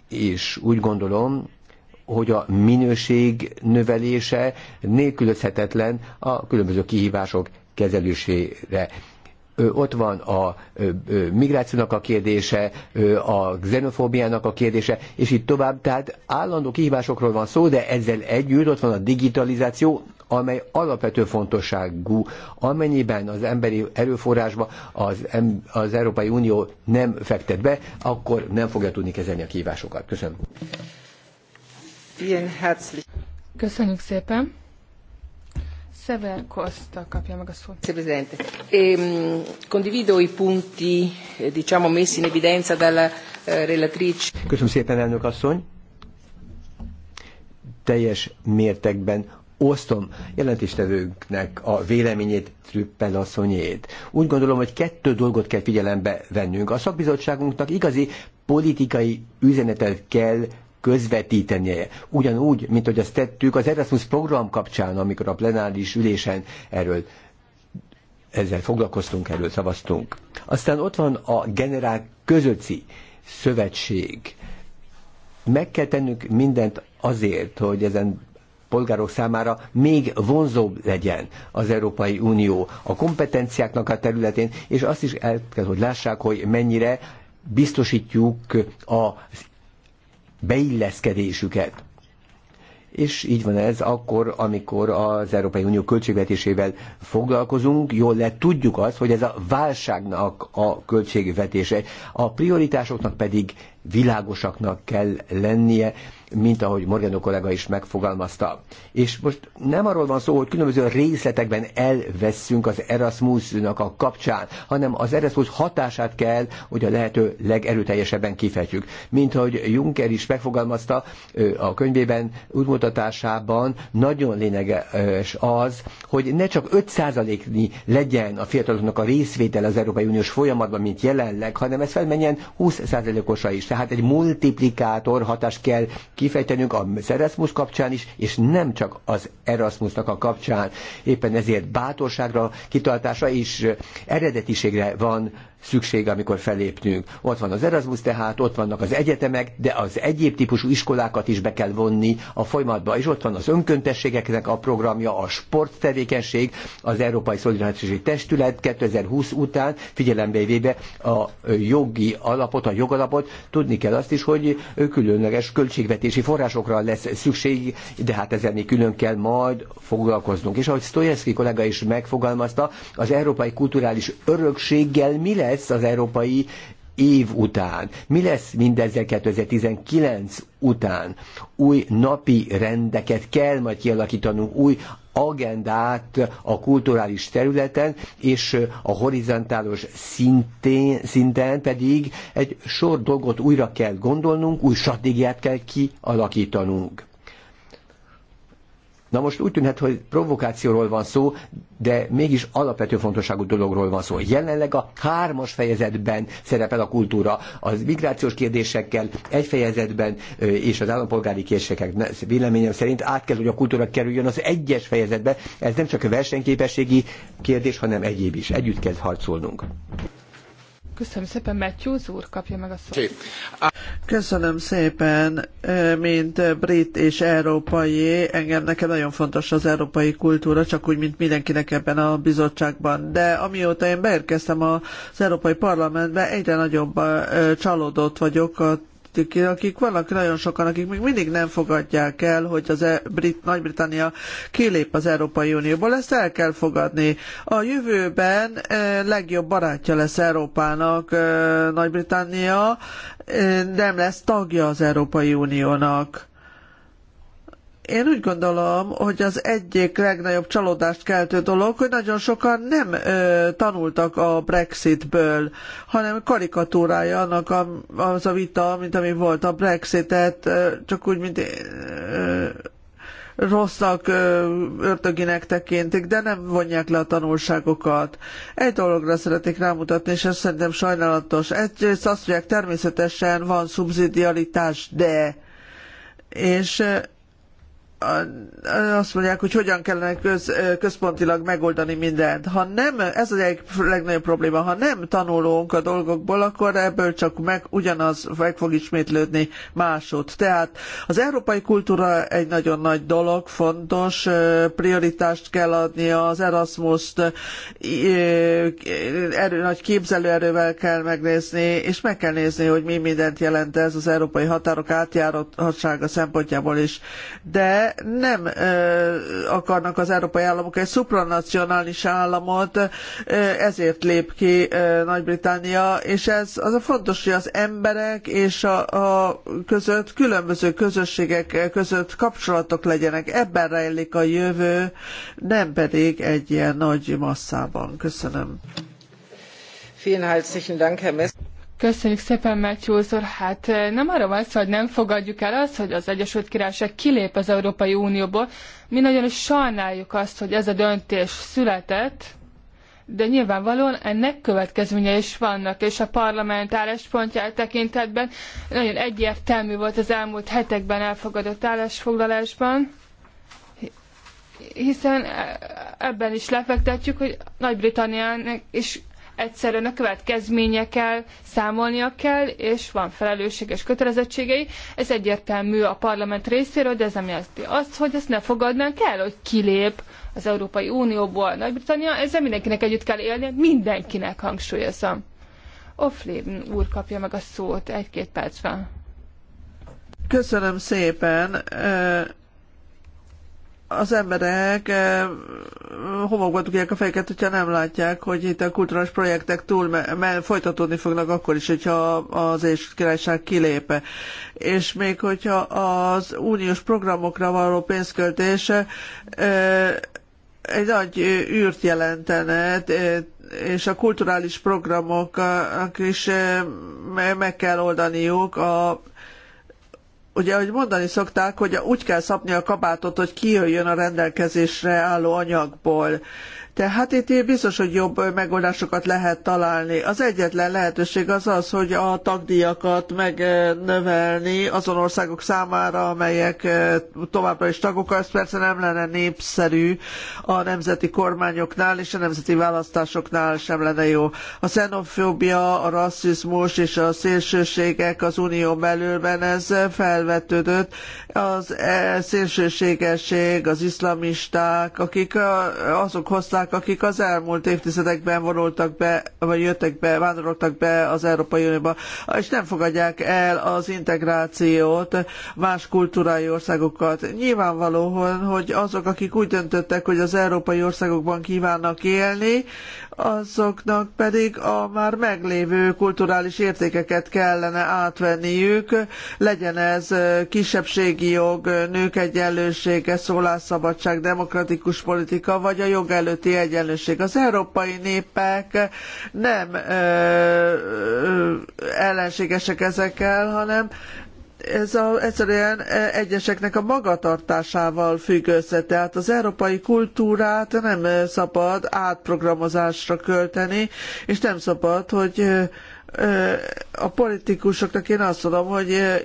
és úgy gondolom, hogy a minőség növelése nélkülözhetetlen a különböző kihívások kezelésére ott van a migrációnak a kérdése, a xenofóbiának a kérdése, és itt tovább. Tehát állandó kihívásokról van szó, de ezzel együtt ott van a digitalizáció, amely alapvető fontosságú, amennyiben az emberi erőforrásba az, az Európai Unió nem fektet be, akkor nem fogja tudni kezelni a kihívásokat. Köszönöm. Köszönjük szépen. Costa kapja meg a szót. Presidente, ehm, condivido i punti, eh, diciamo, messi in evidenza dalla eh, relatrice. Köszönöm szépen, elnök asszony. Teljes mértékben osztom jelentéstevőknek a véleményét, Trüppel asszonyét. Úgy gondolom, hogy kettő dolgot kell figyelembe vennünk. A szakbizottságunknak igazi politikai üzenetet kell közvetítenie. Ugyanúgy, mint hogy azt tettük az Erasmus program kapcsán, amikor a plenáris ülésen erről ezzel foglalkoztunk, erről szavaztunk. Aztán ott van a generál közöci szövetség. Meg kell tennünk mindent azért, hogy ezen polgárok számára még vonzóbb legyen az Európai Unió a kompetenciáknak a területén, és azt is el kell, hogy lássák, hogy mennyire biztosítjuk az beilleszkedésüket. És így van ez akkor, amikor az Európai Unió költségvetésével foglalkozunk, jól le tudjuk azt, hogy ez a válságnak a költségvetése, a prioritásoknak pedig világosaknak kell lennie, mint ahogy Morgano kollega is megfogalmazta. És most nem arról van szó, hogy különböző részletekben elveszünk az Erasmus-nak a kapcsán, hanem az Erasmus hatását kell, hogy a lehető legerőteljesebben kifejtjük. Mint ahogy Juncker is megfogalmazta a könyvében, útmutatásában nagyon lényeges az, hogy ne csak 5%-nyi legyen a fiataloknak a részvétel az Európai Uniós folyamatban, mint jelenleg, hanem ez felmenjen 20%-osra is tehát egy multiplikátor hatást kell kifejtenünk az Erasmus kapcsán is, és nem csak az Erasmusnak a kapcsán. Éppen ezért bátorságra, kitartásra és eredetiségre van szükség, amikor felépnünk. Ott van az Erasmus tehát, ott vannak az egyetemek, de az egyéb típusú iskolákat is be kell vonni a folyamatba, és ott van az önköntességeknek a programja, a sporttevékenység, az Európai Szolidaritási Testület 2020 után figyelembe véve a jogi alapot, a jogalapot, tudni kell azt is, hogy különleges költségvetési forrásokra lesz szükség, de hát ezzel még külön kell majd foglalkoznunk. És ahogy Stojewski kollega is megfogalmazta, az európai kulturális örökséggel mi lesz lesz az európai év után? Mi lesz mindezzel 2019 után? Új napi rendeket kell majd kialakítanunk, új agendát a kulturális területen, és a horizontálos szintén, szinten pedig egy sor dolgot újra kell gondolnunk, új stratégiát kell kialakítanunk. Na most úgy tűnhet, hogy provokációról van szó, de mégis alapvető fontosságú dologról van szó. Jelenleg a hármas fejezetben szerepel a kultúra, az migrációs kérdésekkel egy fejezetben és az állampolgári kérdésekkel véleményem szerint át kell, hogy a kultúra kerüljön az egyes fejezetbe. Ez nem csak a versenyképességi kérdés, hanem egyéb is. Együtt kell harcolnunk. Köszönöm szépen, Matthews úr kapja meg a szót. Köszönöm szépen, mint brit és európai, engem nekem nagyon fontos az európai kultúra, csak úgy, mint mindenkinek ebben a bizottságban. De amióta én beérkeztem az Európai Parlamentbe, egyre nagyobb csalódott vagyok a közöttük, akik vannak nagyon sokan, akik még mindig nem fogadják el, hogy az e Brit, Nagy-Britannia kilép az Európai Unióból. Ezt el kell fogadni. A jövőben e, legjobb barátja lesz Európának e, Nagy-Britannia, e, nem lesz tagja az Európai Uniónak én úgy gondolom, hogy az egyik legnagyobb csalódást keltő dolog, hogy nagyon sokan nem ö, tanultak a Brexitből, hanem karikatúrája annak a, az a vita, mint ami volt a Brexitet, ö, csak úgy, mint ö, rossznak, örtöginek tekintik, de nem vonják le a tanulságokat. Egy dologra szeretnék rámutatni, és ez szerintem sajnálatos. Egyrészt azt mondják, természetesen van szubszidialitás, de és azt mondják, hogy hogyan kellene köz, központilag megoldani mindent. Ha nem, ez az egyik legnagyobb probléma, ha nem tanulunk a dolgokból, akkor ebből csak meg, ugyanaz meg fog ismétlődni másod. Tehát az európai kultúra egy nagyon nagy dolog, fontos, prioritást kell adni az Erasmus-t, erő, nagy képzelőerővel kell megnézni, és meg kell nézni, hogy mi mindent jelent ez az európai határok átjáratossága szempontjából is. De nem akarnak az európai államok egy szupranacionális államot, ezért lép ki Nagy-Britannia, és ez az a fontos, hogy az emberek és a, a között különböző közösségek között kapcsolatok legyenek. Ebben rejlik a jövő, nem pedig egy ilyen nagy masszában. Köszönöm. Vielen herzlichen Dank, Herr Messner. Köszönjük szépen, Matthews úr. Hát eh, nem arra van szó, hogy nem fogadjuk el azt, hogy az Egyesült Királyság kilép az Európai Unióból. Mi nagyon is sajnáljuk azt, hogy ez a döntés született, de nyilvánvalóan ennek következménye is vannak, és a parlament álláspontja e tekintetben nagyon egyértelmű volt az elmúlt hetekben elfogadott állásfoglalásban, hiszen e- ebben is lefektetjük, hogy Nagy-Britanniának is egyszerűen a következményekkel számolnia kell, és van felelősség és kötelezettségei. Ez egyértelmű a parlament részéről, de ez nem jelenti azt, hogy ezt ne fogadnánk el, hogy kilép az Európai Unióból Nagy-Britannia. Ezzel mindenkinek együtt kell élnie, mindenkinek hangsúlyozom. Offlin úr kapja meg a szót egy-két percben. Köszönöm szépen az emberek eh, homokba tudják a fejeket, hogyha nem látják, hogy itt a kulturális projektek túl mert folytatódni fognak akkor is, hogyha az és királyság kilépe. És még hogyha az uniós programokra való pénzköltése eh, egy nagy űrt jelentene, eh, és a kulturális programoknak is meg kell oldaniuk a Ugye, ahogy mondani szokták, hogy úgy kell szabni a kabátot, hogy kijöjjön a rendelkezésre álló anyagból. Tehát itt biztos, hogy jobb megoldásokat lehet találni. Az egyetlen lehetőség az az, hogy a tagdíjakat megnövelni azon országok számára, amelyek továbbra is tagok, ez persze nem lenne népszerű a nemzeti kormányoknál és a nemzeti választásoknál sem lenne jó. A xenofóbia, a rasszizmus és a szélsőségek az unión belülben ez felvetődött. Az e, szélsőségesség, az iszlamisták, akik azok hozták gazdák, akik az elmúlt évtizedekben vonultak be, vagy jöttek be, vándoroltak be az Európai Unióba, és nem fogadják el az integrációt más kultúrái országokat. Nyilvánvalóan, hogy azok, akik úgy döntöttek, hogy az európai országokban kívánnak élni, azoknak pedig a már meglévő kulturális értékeket kellene átvenniük, legyen ez kisebbségi jog, nők egyenlősége, szólásszabadság, demokratikus politika, vagy a jog előtti egyenlőség. Az európai népek nem ö, ö, ellenségesek ezekkel, hanem ez a, egyszerűen egyeseknek a magatartásával függ össze. Tehát az európai kultúrát nem szabad átprogramozásra költeni, és nem szabad, hogy a politikusoknak én azt mondom, hogy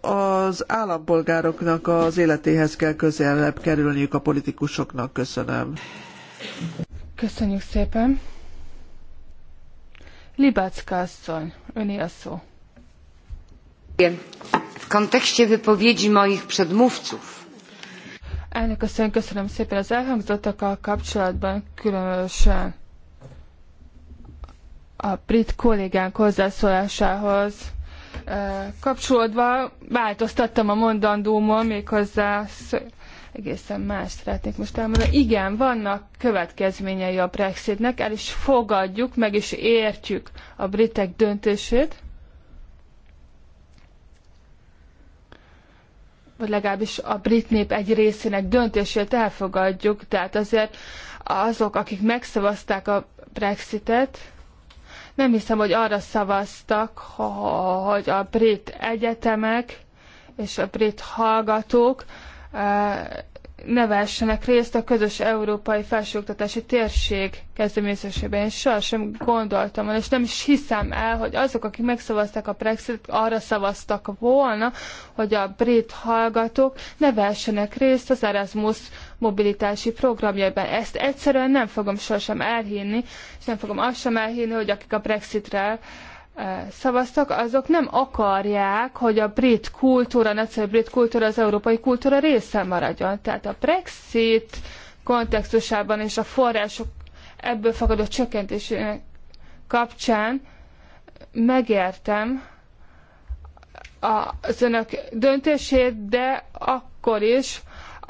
az állampolgároknak az életéhez kell közelebb kerülniük a politikusoknak. Köszönöm. Köszönjük szépen. Libacka asszony, öné a szó. W kontekście wypowiedzi moich przedmówców. Elnök asszony, köszönöm szépen az elhangzottakkal kapcsolatban, különösen a brit kollégánk hozzászólásához eh, kapcsolódva változtattam a mondandómon méghozzá egészen más szeretnék most elmondani. Igen, vannak következményei a Brexitnek, el is fogadjuk, meg is értjük a britek döntését. vagy legalábbis a brit nép egy részének döntését elfogadjuk, tehát azért azok, akik megszavazták a Brexitet, nem hiszem, hogy arra szavaztak, hogy a brit egyetemek és a brit hallgatók ne vessenek részt a közös európai felsőoktatási térség kezdeményezésében. Én sohasem gondoltam, és nem is hiszem el, hogy azok, akik megszavazták a Brexit, arra szavaztak volna, hogy a brit hallgatók ne vessenek részt az Erasmus mobilitási programjaiban. Ezt egyszerűen nem fogom sohasem elhinni, és nem fogom azt sem elhinni, hogy akik a Brexitre uh, szavaztak, azok nem akarják, hogy a brit kultúra, a nagyszerű brit kultúra az európai kultúra része maradjon. Tehát a Brexit kontextusában és a források ebből fakadó csökkentésének kapcsán megértem az önök döntését, de akkor is,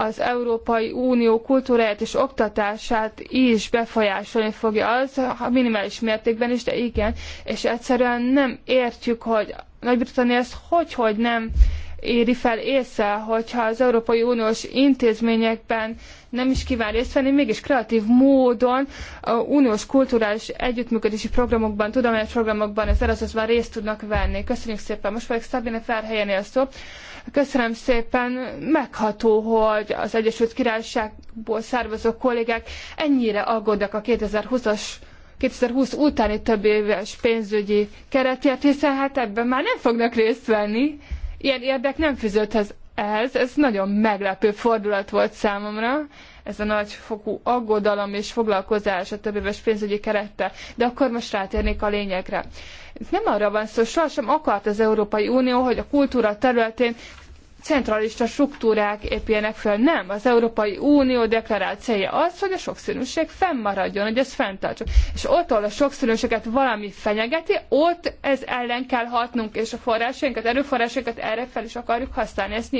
az Európai Unió kultúráját és oktatását is befolyásolni fogja az, ha minimális mértékben is, de igen, és egyszerűen nem értjük, hogy Nagy-Britannia ezt hogy, hogy nem éri fel észre, hogyha az Európai Uniós intézményekben nem is kíván részt venni, mégis kreatív módon a uniós kulturális együttműködési programokban, tudományos programokban, az Erasmusban részt tudnak venni. Köszönjük szépen. Most pedig Szabine Ferhelyenél szó Köszönöm szépen, megható, hogy az Egyesült Királyságból származó kollégák ennyire aggódnak a 2020-as 2020 utáni több éves pénzügyi keretért, hiszen hát ebben már nem fognak részt venni. Ilyen érdek nem fűződhet ehhez, ez nagyon meglepő fordulat volt számomra ez a nagy fokú aggodalom és foglalkozás a több éves pénzügyi kerettel. De akkor most rátérnék a lényegre. nem arra van szó, sohasem akart az Európai Unió, hogy a kultúra területén centralista struktúrák épjenek fel. Nem, az Európai Unió deklarált célja az, hogy a sokszínűség fennmaradjon, hogy ezt fenntartsuk. És ott, ahol a sokszínűséget valami fenyegeti, ott ez ellen kell hatnunk, és a forrásainkat, erőforrásainkat erre fel is akarjuk használni. Ezt,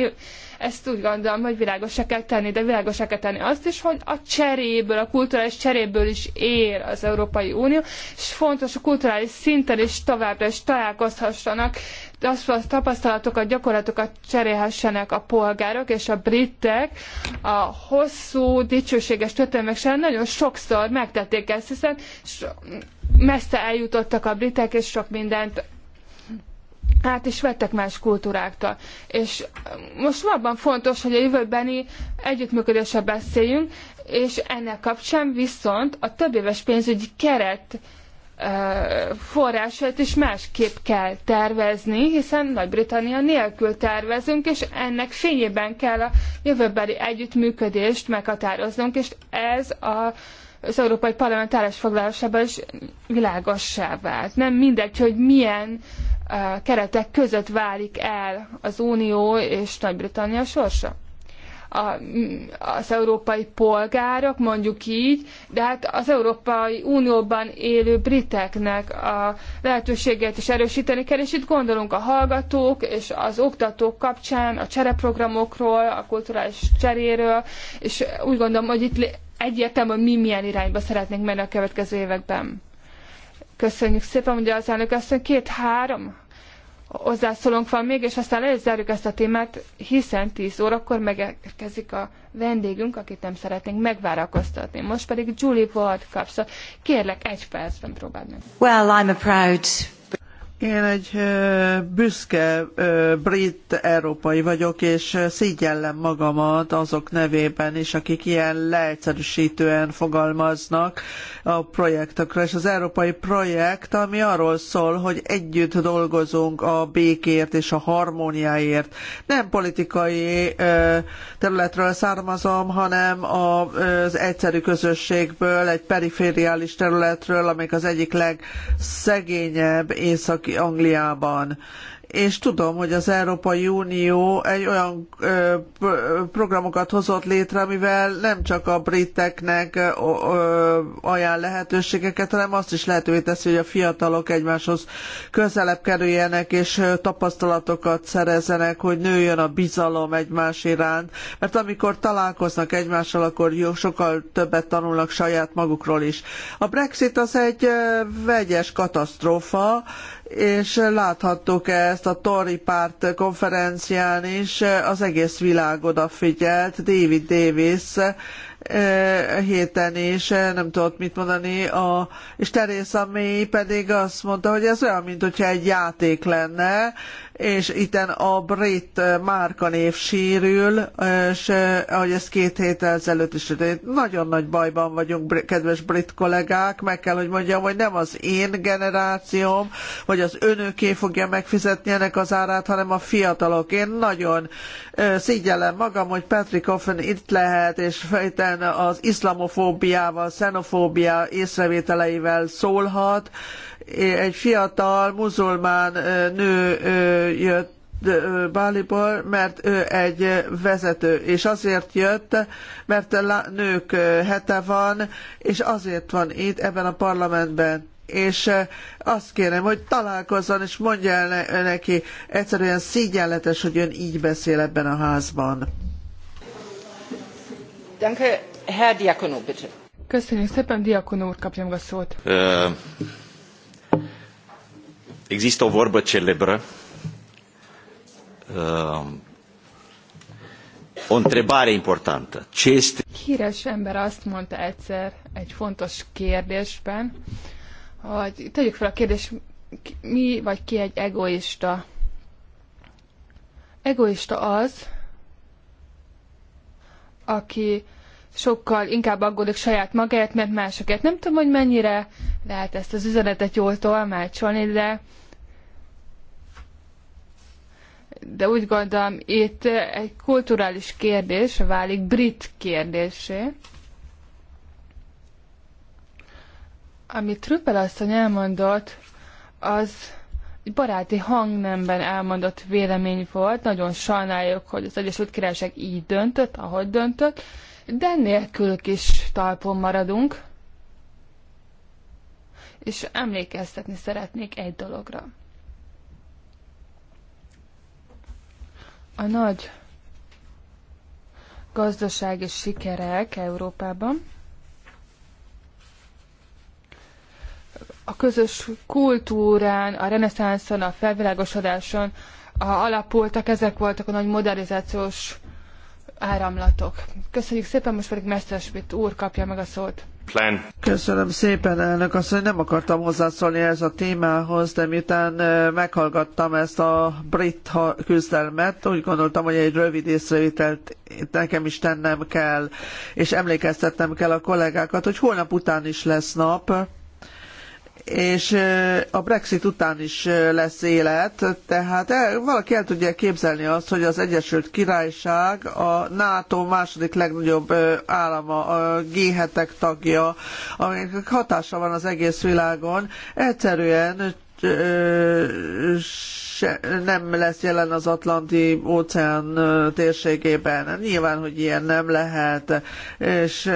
ezt úgy gondolom, hogy világosá kell tenni, de világosá kell tenni azt is, hogy a cseréből, a kulturális cseréből is él az Európai Unió, és fontos a kulturális szinten is továbbra is találkozhassanak azt a tapasztalatokat, gyakorlatokat cserélhessenek a polgárok és a britek a hosszú, dicsőséges történelmek során nagyon sokszor megtették ezt, hiszen messze eljutottak a britek, és sok mindent át is vettek más kultúráktól. És um, most valóban fontos, hogy a jövőbeni együttműködésre beszéljünk, és ennek kapcsán viszont a több éves pénzügyi keret forrásait is másképp kell tervezni, hiszen Nagy-Britannia nélkül tervezünk, és ennek fényében kell a jövőbeli együttműködést meghatároznunk, és ez a az Európai Parlament állásfoglalásában is világossá vált. Nem mindegy, hogy milyen uh, keretek között válik el az Unió és Nagy-Britannia sorsa a, az európai polgárok, mondjuk így, de hát az Európai Unióban élő briteknek a lehetőséget is erősíteni kell, és itt gondolunk a hallgatók és az oktatók kapcsán, a csereprogramokról, a kulturális cseréről, és úgy gondolom, hogy itt egyértelműen mi milyen irányba szeretnénk menni a következő években. Köszönjük szépen, ugye az elnök asszony két-három hozzászólónk van még, és aztán le is zárjuk ezt a témát, hiszen 10 órakor megérkezik a vendégünk, akit nem szeretnénk megvárakoztatni. Most pedig Julie Ward kapszol. Kérlek, egy percben próbáld meg. Well, I'm a proud én egy büszke brit európai vagyok, és szígyellem magamat azok nevében is, akik ilyen leegyszerűsítően fogalmaznak a projektekről, És az európai projekt, ami arról szól, hogy együtt dolgozunk a békért és a harmóniáért. Nem politikai területről származom, hanem az egyszerű közösségből, egy perifériális területről, amelyik az egyik legszegényebb északi. Angliában. És tudom, hogy az Európai Unió egy olyan ö, programokat hozott létre, amivel nem csak a briteknek ö, ö, ajánl lehetőségeket, hanem azt is lehetővé teszi, hogy a fiatalok egymáshoz közelebb kerüljenek, és tapasztalatokat szerezzenek, hogy nőjön a bizalom egymás iránt. Mert amikor találkoznak egymással, akkor jó, sokkal többet tanulnak saját magukról is. A Brexit az egy vegyes katasztrófa, és láthattuk ezt a Tory párt konferencián is, az egész világ odafigyelt, David Davis héten is, nem tudott mit mondani, a, és Teresa May pedig azt mondta, hogy ez olyan, mint hogyha egy játék lenne, és itten a brit márkanév sérül, és ahogy ez két héttel ezelőtt is nagyon nagy bajban vagyunk, kedves brit kollégák, meg kell, hogy mondjam, hogy nem az én generációm, vagy az önöké fogja megfizetni ennek az árát, hanem a fiatalok. Én nagyon szígyellem magam, hogy Patrick Offen itt lehet, és fejtel hiszen az iszlamofóbiával, xenofóbia észrevételeivel szólhat. Egy fiatal muzulmán nő jött Báliból, mert ő egy vezető, és azért jött, mert a nők hete van, és azért van itt ebben a parlamentben és azt kérem, hogy találkozzon, és mondja el neki, egyszerűen szégyenletes, hogy ön így beszél ebben a házban. Danke, Köszönjük szépen, Diakonó úr kapja meg a szót. Uh, există o vorbă celebră. Uh, o întrebare importantă. Ce este... Híres ember azt mondta egyszer egy fontos kérdésben, hogy tegyük fel a kérdést, mi vagy ki egy egoista? Egoista az, aki sokkal inkább aggódik saját magáért, mert másokért. Nem tudom, hogy mennyire lehet ezt az üzenetet jól tolmácsolni, de de úgy gondolom, itt egy kulturális kérdés válik brit kérdésé. Amit Truppel asszony elmondott, az baráti hangnemben elmondott vélemény volt. Nagyon sajnáljuk, hogy az Egyesült Királyság így döntött, ahogy döntött, de nélkülük is talpon maradunk. És emlékeztetni szeretnék egy dologra. A nagy gazdasági sikerek Európában a közös kultúrán, a reneszánszon, a felvilágosodáson a, alapultak, ezek voltak a nagy modernizációs áramlatok. Köszönjük szépen, most pedig Messerschmidt úr kapja meg a szót. Plan. Köszönöm szépen, elnök asszony. Nem akartam hozzászólni ez a témához, de miután meghallgattam ezt a brit küzdelmet, úgy gondoltam, hogy egy rövid észrevételt nekem is tennem kell, és emlékeztetnem kell a kollégákat, hogy holnap után is lesz nap, és a Brexit után is lesz élet, tehát el, valaki el tudja képzelni azt, hogy az Egyesült Királyság a NATO második legnagyobb állama, a g tagja, aminek hatása van az egész világon, egyszerűen se, nem lesz jelen az Atlanti óceán térségében. Nyilván, hogy ilyen nem lehet, és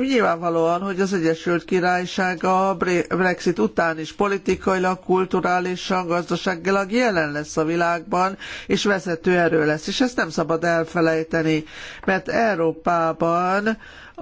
nyilvánvalóan, hogy az Egyesült Királyság a Brexit után is politikailag, kulturálisan, gazdaságilag jelen lesz a világban, és vezető erő lesz, és ezt nem szabad elfelejteni, mert Európában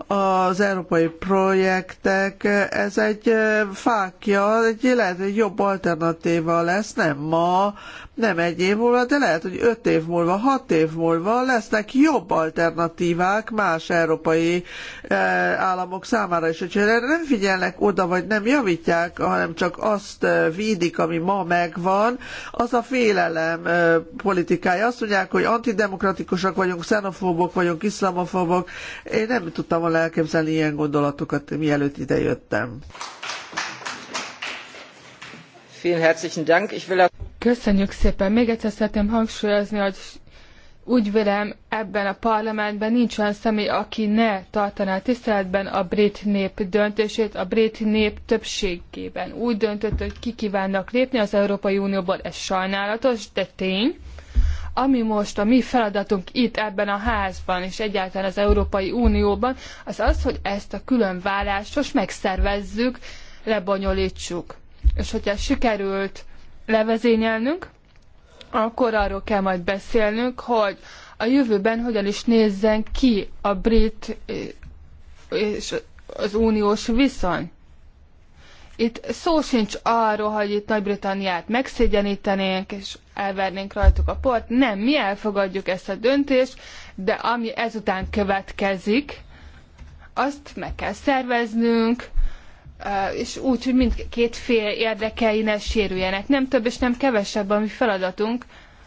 az európai projektek, ez egy fákja, egy lehet, hogy jobb alternatíva lesz, nem ma, nem egy év múlva, de lehet, hogy öt év múlva, hat év múlva lesznek jobb alternatívák más európai eh, államok számára is. Úgyhogy erre nem figyelnek oda, vagy nem javítják, hanem csak azt eh, védik, ami ma megvan. Az a félelem eh, politikája. Azt mondják, hogy antidemokratikusak vagyunk, xenofóbok vagyunk, iszlamofóbok. Én nem tudtam volna elképzelni ilyen gondolatokat, mielőtt idejöttem. jöttem. Vielen herzlichen Dank. Ich will Köszönjük szépen. Még egyszer szeretném hangsúlyozni, hogy úgy vélem, ebben a parlamentben nincs olyan személy, aki ne tartaná tiszteletben a brit nép döntését, a brit nép többségében. Úgy döntött, hogy ki kívánnak lépni az Európai Unióból, ez sajnálatos, de tény. Ami most a mi feladatunk itt ebben a házban, és egyáltalán az Európai Unióban, az az, hogy ezt a különvállást most megszervezzük, lebonyolítsuk és hogyha sikerült levezényelnünk, akkor arról kell majd beszélnünk, hogy a jövőben hogyan is nézzen ki a brit eh, és az uniós viszony. Itt szó sincs arról, hogy itt Nagy-Britanniát megszégyenítenénk, és elvernénk rajtuk a port. Nem, mi elfogadjuk ezt a döntést, de ami ezután következik, azt meg kell szerveznünk, és úgy, hogy mindkét fél érdekei ne sérüljenek. Nem több és nem kevesebb a mi feladatunk,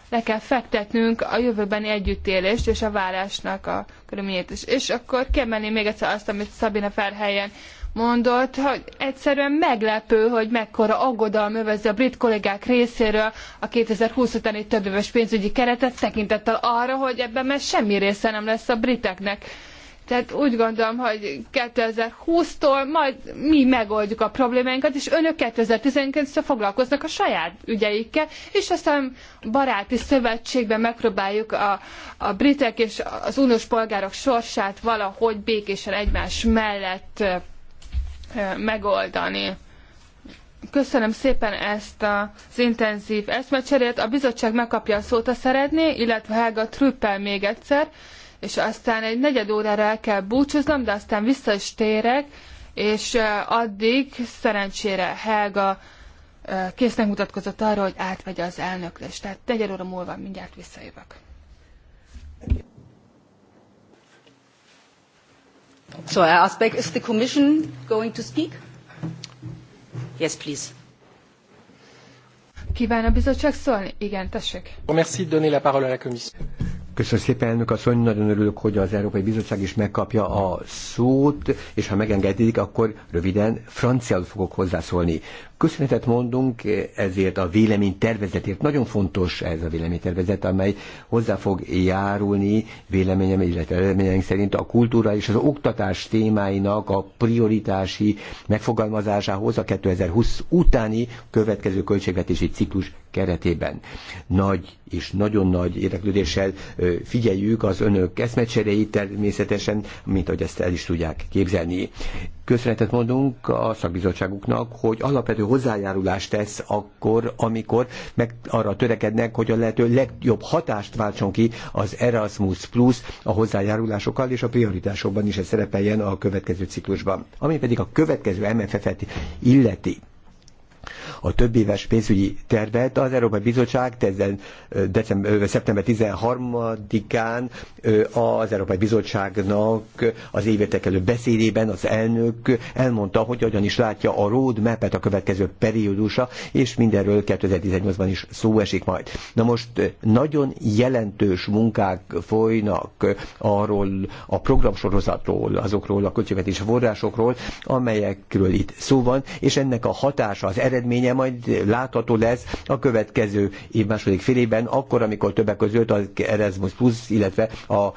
le kell fektetnünk a jövőbeni együttélést és a válásnak a körülményét is. És akkor kiemelném még egyszer azt, amit Szabina Ferhelyen mondott, hogy egyszerűen meglepő, hogy mekkora aggodalom övezi a brit kollégák részéről a 2020 utáni többéves pénzügyi keretet tekintettel arra, hogy ebben már semmi része nem lesz a briteknek tehát úgy gondolom, hogy 2020-tól majd mi megoldjuk a problémáinkat, és önök 2019-től foglalkoznak a saját ügyeikkel, és aztán baráti szövetségben megpróbáljuk a, a britek és az uniós polgárok sorsát valahogy békésen egymás mellett megoldani. Köszönöm szépen ezt az intenzív eszmecserét. A bizottság megkapja a szót, ha szeretné, illetve Helga Trüppel még egyszer és aztán egy negyed órára el kell búcsúznom, de aztán vissza is térek, és addig szerencsére Helga késznek mutatkozott arra, hogy átvegye az elnöklést. Tehát negyed óra múlva mindjárt visszajövök. So I ask back, is the Commission going to speak? Yes, please. Kíván a bizottság szólni? Igen, tessék. Merci de donner la parole à la Commission. Köszönöm szépen, elnök asszony, nagyon örülök, hogy az Európai Bizottság is megkapja a szót, és ha megengedik, akkor röviden franciául fogok hozzászólni. Köszönetet mondunk ezért a véleménytervezetért. Nagyon fontos ez a véleménytervezet, amely hozzá fog járulni véleményem, illetve véleményeink szerint a kultúra és az oktatás témáinak a prioritási megfogalmazásához a 2020 utáni következő költségvetési ciklus keretében. Nagy és nagyon nagy érdeklődéssel figyeljük az önök eszmecsereit természetesen, mint ahogy ezt el is tudják képzelni köszönetet mondunk a szakbizottságuknak, hogy alapvető hozzájárulást tesz akkor, amikor meg arra törekednek, hogy a lehető legjobb hatást váltson ki az Erasmus Plus a hozzájárulásokkal, és a prioritásokban is ez szerepeljen a következő ciklusban. Ami pedig a következő MFF-et illeti. A több éves pénzügyi tervet az Európai Bizottság tezen, december, szeptember 13-án az Európai Bizottságnak az évetek előbb beszédében az elnök elmondta, hogy hogyan is látja a roadmap-et a következő periódusa, és mindenről 2018-ban is szó esik majd. Na most nagyon jelentős munkák folynak arról a programsorozatról, azokról a költségvetési forrásokról, amelyekről itt szó van, és ennek a hatása, az eredménye eredménye majd látható lesz a következő év második félében, akkor, amikor többek között az Erasmus Plus, illetve a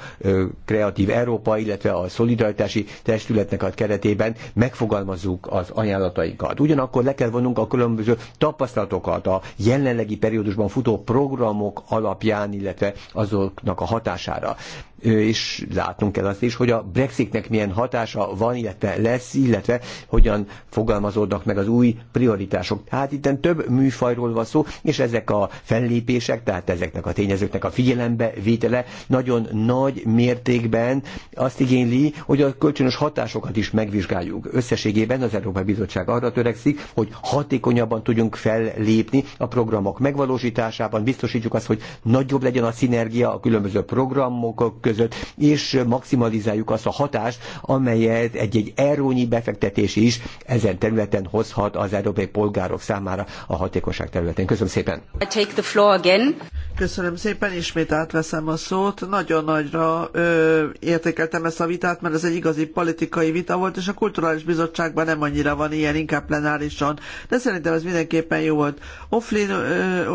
Kreatív Európa, illetve a Szolidaritási Testületnek a keretében megfogalmazzuk az ajánlatainkat. Ugyanakkor le kell vonnunk a különböző tapasztalatokat a jelenlegi periódusban futó programok alapján, illetve azoknak a hatására és látnunk kell azt is, hogy a Brexitnek milyen hatása van, illetve lesz, illetve hogyan fogalmazódnak meg az új prioritások. Hát itt több műfajról van szó, és ezek a fellépések, tehát ezeknek a tényezőknek a figyelembe vétele nagyon nagy mértékben azt igényli, hogy a kölcsönös hatásokat is megvizsgáljuk. Összességében az Európai Bizottság arra törekszik, hogy hatékonyabban tudjunk fellépni a programok megvalósításában, biztosítjuk azt, hogy nagyobb legyen a szinergia a különböző programok között, között, és maximalizáljuk azt a hatást, amelyet egy-egy erónyi befektetés is ezen területen hozhat az európai polgárok számára a hatékosság területén. Köszönöm szépen! I take the floor again. Köszönöm szépen, ismét átveszem a szót. Nagyon nagyra ö, értékeltem ezt a vitát, mert ez egy igazi politikai vita volt, és a Kulturális Bizottságban nem annyira van ilyen, inkább plenárisan. De szerintem ez mindenképpen jó volt. Offlin,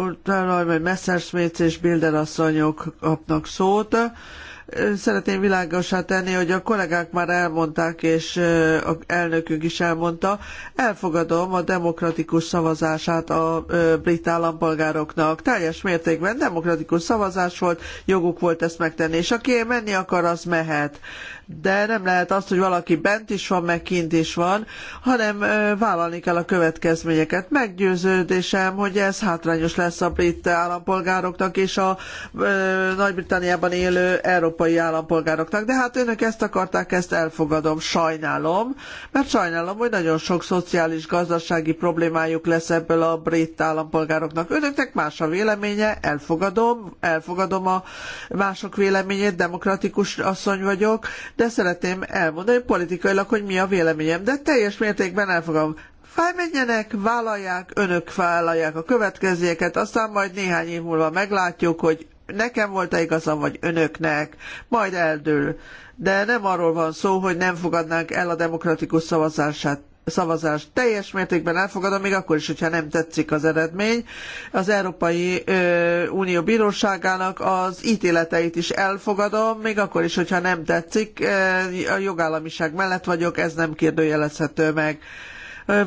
Urtalaj, Messerschmitt és Bilder asszonyok kapnak szót. Szeretném világosá tenni, hogy a kollégák már elmondták, és a elnökünk is elmondta, elfogadom a demokratikus szavazását a brit állampolgároknak. Teljes mértékben demokratikus szavazás volt, joguk volt ezt megtenni, és aki menni akar, az mehet de nem lehet azt, hogy valaki bent is van, meg kint is van, hanem vállalni kell a következményeket. Meggyőződésem, hogy ez hátrányos lesz a brit állampolgároknak és a Nagy-Britanniában élő európai állampolgároknak. De hát önök ezt akarták, ezt elfogadom, sajnálom, mert sajnálom, hogy nagyon sok szociális, gazdasági problémájuk lesz ebből a brit állampolgároknak. Önöknek más a véleménye, elfogadom, elfogadom a mások véleményét, demokratikus asszony vagyok, de szeretném elmondani politikailag, hogy mi a véleményem, de teljes mértékben elfogadom. Felmenjenek, vállalják, önök vállalják a következőket, aztán majd néhány év múlva meglátjuk, hogy nekem volt-e igazam, vagy önöknek, majd eldől. De nem arról van szó, hogy nem fogadnánk el a demokratikus szavazását szavazást teljes mértékben elfogadom, még akkor is, hogyha nem tetszik az eredmény. Az Európai Unió Bíróságának az ítéleteit is elfogadom, még akkor is, hogyha nem tetszik. a jogállamiság mellett vagyok, ez nem kérdőjelezhető meg.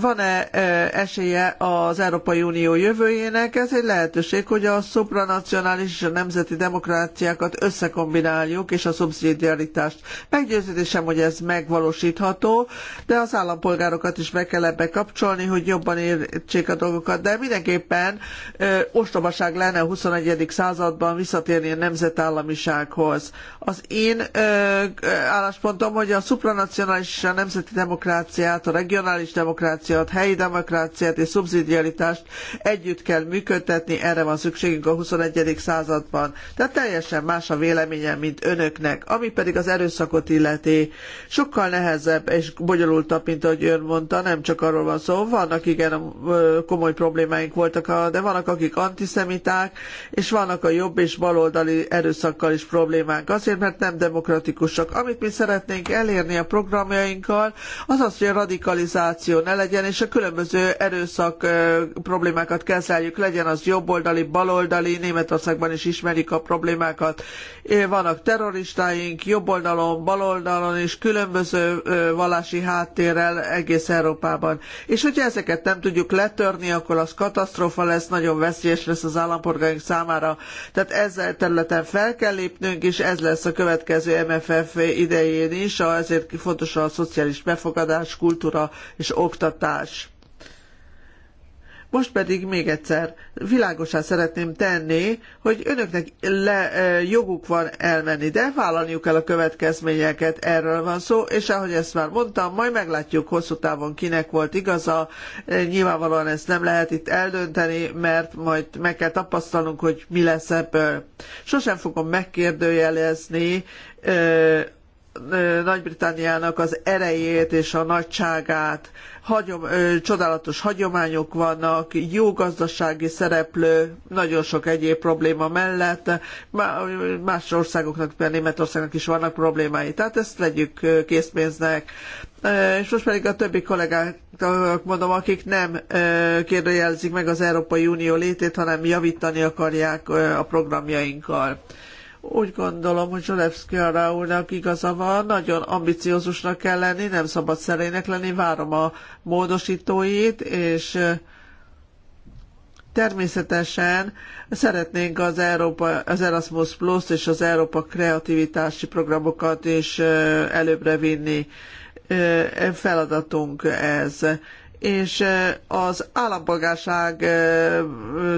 Van-e e, esélye az Európai Unió jövőjének? Ez egy lehetőség, hogy a szupranacionális és a nemzeti demokráciákat összekombináljuk, és a szubszidiaritást. Meggyőződésem, hogy ez megvalósítható, de az állampolgárokat is be kell ebbe kapcsolni, hogy jobban értsék a dolgokat, de mindenképpen e, ostobaság lenne a 21. században visszatérni a nemzetállamisághoz. Az én e, álláspontom, hogy a szupranacionális és a nemzeti demokráciát, a regionális demokráciát, demokráciát, helyi demokráciát és szubszidiaritást együtt kell működtetni, erre van szükségünk a XXI. században. Tehát teljesen más a véleményem, mint önöknek, ami pedig az erőszakot illeti. Sokkal nehezebb és bonyolultabb, mint ahogy ön mondta, nem csak arról van szó, vannak igen komoly problémáink voltak, de vannak akik antiszemiták, és vannak a jobb és baloldali erőszakkal is problémánk, azért mert nem demokratikusak. Amit mi szeretnénk elérni a programjainkkal, az az, hogy a radikalizáció ne legyen, és a különböző erőszak problémákat kezeljük, legyen az jobboldali, baloldali, Németországban is ismerik a problémákat. Vannak terroristáink jobboldalon, baloldalon és különböző vallási háttérrel egész Európában. És hogyha ezeket nem tudjuk letörni, akkor az katasztrófa lesz, nagyon veszélyes lesz az állampolgáink számára. Tehát ezzel területen fel kell lépnünk, és ez lesz a következő MFF idején is, ezért fontos a szociális befogadás, kultúra és oktatás oktatás. Most pedig még egyszer világosá szeretném tenni, hogy önöknek le, joguk van elmenni, de vállalniuk kell a következményeket, erről van szó, és ahogy ezt már mondtam, majd meglátjuk hosszú távon kinek volt igaza. Nyilvánvalóan ezt nem lehet itt eldönteni, mert majd meg kell tapasztalnunk, hogy mi lesz ebből. Sosem fogom megkérdőjelezni nagy-Britanniának az erejét és a nagyságát. Hagyom, ö, csodálatos hagyományok vannak, jó gazdasági szereplő, nagyon sok egyéb probléma mellett. Más országoknak, például Németországnak is vannak problémái, tehát ezt legyük készpénznek. És most pedig a többi kollégáknak mondom, akik nem kérdőjelezik meg az Európai Unió létét, hanem javítani akarják a programjainkkal. Úgy gondolom, hogy Zsolevszki arra úrnak igaza van, nagyon ambiciózusnak kell lenni, nem szabad szerénynek lenni, várom a módosítóit, és Természetesen szeretnénk az, Európa, az Erasmus Plus és az Európa kreativitási programokat is előbbre vinni. Feladatunk ez és az állampolgárság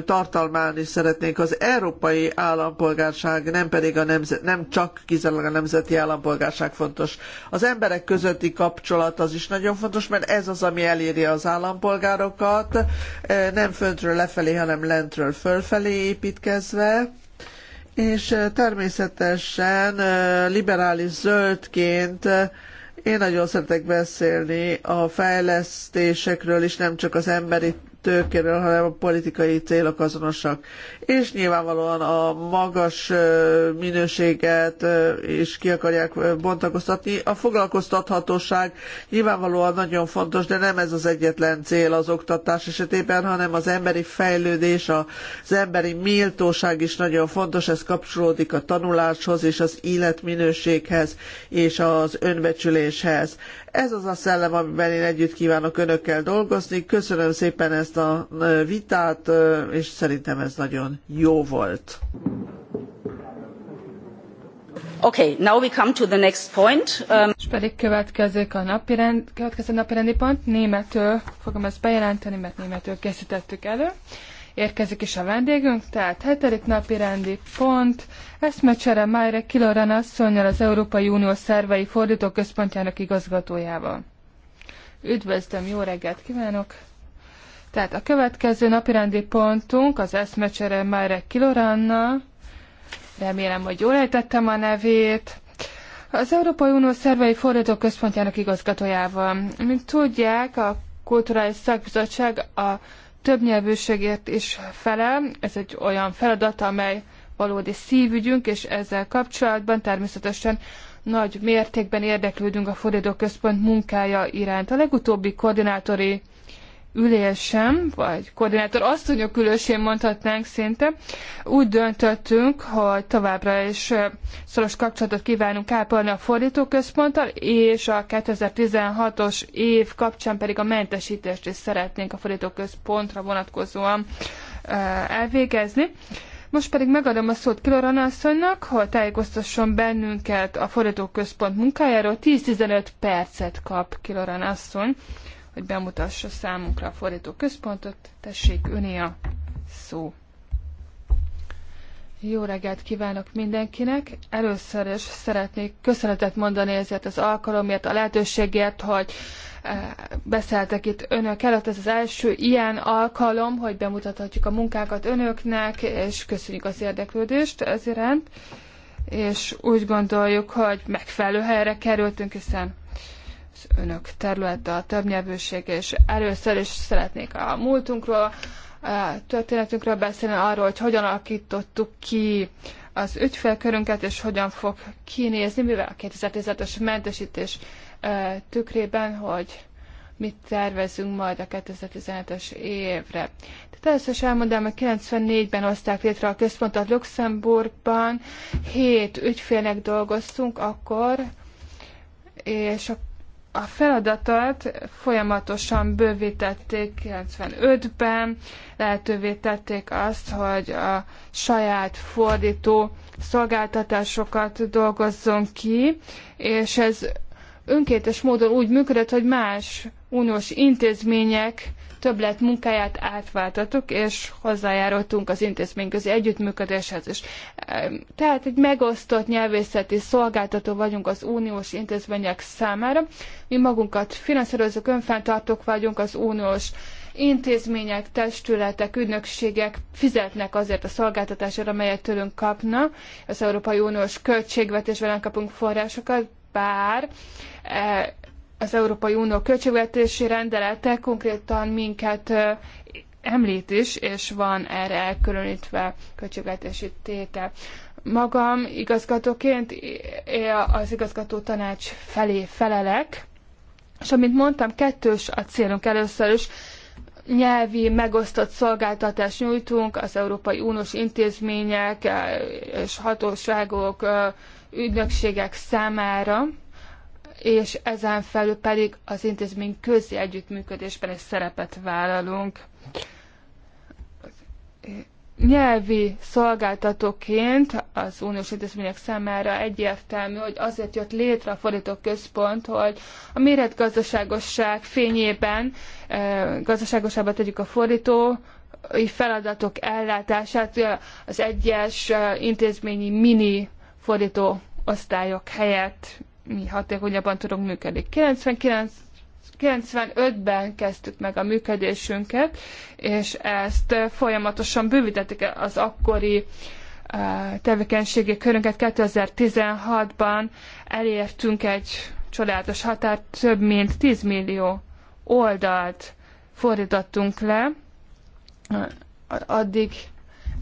tartalmán is szeretnénk az európai állampolgárság, nem pedig a nemzet, nem csak kizárólag a nemzeti állampolgárság fontos. Az emberek közötti kapcsolat az is nagyon fontos, mert ez az, ami eléri az állampolgárokat, nem föntről lefelé, hanem lentről fölfelé építkezve. És természetesen liberális zöldként én nagyon szeretek beszélni a fejlesztésekről is, nem csak az emberi tőkéről, hanem a politikai célok azonosak. És nyilvánvalóan a magas minőséget is ki akarják bontakoztatni. A foglalkoztathatóság nyilvánvalóan nagyon fontos, de nem ez az egyetlen cél az oktatás esetében, hanem az emberi fejlődés, az emberi méltóság is nagyon fontos, ez kapcsolódik a tanuláshoz és az életminőséghez és az önbecsüléshez. Ez az a szellem, amiben én együtt kívánok önökkel dolgozni. Köszönöm szépen ezt a vitát, és szerintem ez nagyon jó volt. Okay, now we come to the next point. Um... És pedig következik a napirend, következő napirendi pont. Németül fogom ezt bejelenteni, mert németül készítettük elő érkezik is a vendégünk, tehát hetedik napi rendi pont, eszmecsere Májre Kiloran asszonynal az Európai Unió szervei Központjának igazgatójával. Üdvözlöm, jó reggelt kívánok! Tehát a következő napirendi pontunk az eszmecsere Májre Kilorannal, remélem, hogy jól ejtettem a nevét, az Európai Unió szervei fordító központjának igazgatójával. Mint tudják, a Kulturális Szakbizottság a többnyelvűségért is felel. Ez egy olyan feladat, amely valódi szívügyünk, és ezzel kapcsolatban természetesen nagy mértékben érdeklődünk a fordítóközpont munkája iránt. A legutóbbi koordinátori ülésem, vagy koordinátor asszonyok ülésén mondhatnánk szinte, úgy döntöttünk, hogy továbbra is szoros kapcsolatot kívánunk ápolni a fordítóközponttal, és a 2016-os év kapcsán pedig a mentesítést is szeretnénk a fordítóközpontra vonatkozóan elvégezni. Most pedig megadom a szót Kiloran asszonynak, hogy tájékoztasson bennünket a fordítóközpont munkájáról. 10-15 percet kap Kiloran asszony hogy bemutassa számunkra a fordító központot. Tessék, öné a szó. Jó reggelt kívánok mindenkinek! Először is szeretnék köszönetet mondani ezért az alkalomért, a lehetőségért, hogy eh, beszéltek itt önök előtt. Ez az első ilyen alkalom, hogy bemutathatjuk a munkákat önöknek, és köszönjük az érdeklődést ez iránt. És úgy gondoljuk, hogy megfelelő helyre kerültünk, hiszen önök területe a többnyelvűség, és először is szeretnék a múltunkról, a történetünkről beszélni, arról, hogy hogyan alakítottuk ki az ügyfélkörünket, és hogyan fog kinézni, mivel a 2015-ös mentesítés tükrében, hogy mit tervezünk majd a 2017-es évre. Tehát először is elmondom, hogy 94-ben hozták létre a központot Luxemburgban, hét ügyfélnek dolgoztunk akkor, és a a feladatot folyamatosan bővítették 95-ben, lehetővé tették azt, hogy a saját fordító szolgáltatásokat dolgozzon ki, és ez önkéntes módon úgy működött, hogy más uniós intézmények többlet munkáját átváltatok, és hozzájárultunk az intézményközi együttműködéshez is. Tehát egy megosztott nyelvészeti szolgáltató vagyunk az uniós intézmények számára. Mi magunkat finanszírozók, önfenntartók vagyunk az uniós intézmények, testületek, ügynökségek fizetnek azért a szolgáltatásért, amelyet tőlünk kapnak. Az Európai Uniós költségvetésben kapunk forrásokat, bár e, az Európai Unió költségvetési rendelete konkrétan minket e, említ is, és van erre elkülönítve költségvetési tétel. Magam igazgatóként az igazgató tanács felé felelek, és amint mondtam, kettős a célunk először is, nyelvi megosztott szolgáltatást nyújtunk az Európai Uniós intézmények e, és hatóságok ügynökségek számára, és ezen felül pedig az intézmény közi együttműködésben is szerepet vállalunk. Nyelvi szolgáltatóként az uniós intézmények számára egyértelmű, hogy azért jött létre a fordító központ, hogy a méretgazdaságosság fényében eh, gazdaságosába tegyük a fordító feladatok ellátását az egyes eh, intézményi mini fordító osztályok helyett mi hatékonyabban tudunk működni. 99 95-ben kezdtük meg a működésünket, és ezt folyamatosan bővítették az akkori eh, tevékenységi körünket. 2016-ban elértünk egy csodálatos határt, több mint 10 millió oldalt fordítottunk le. Addig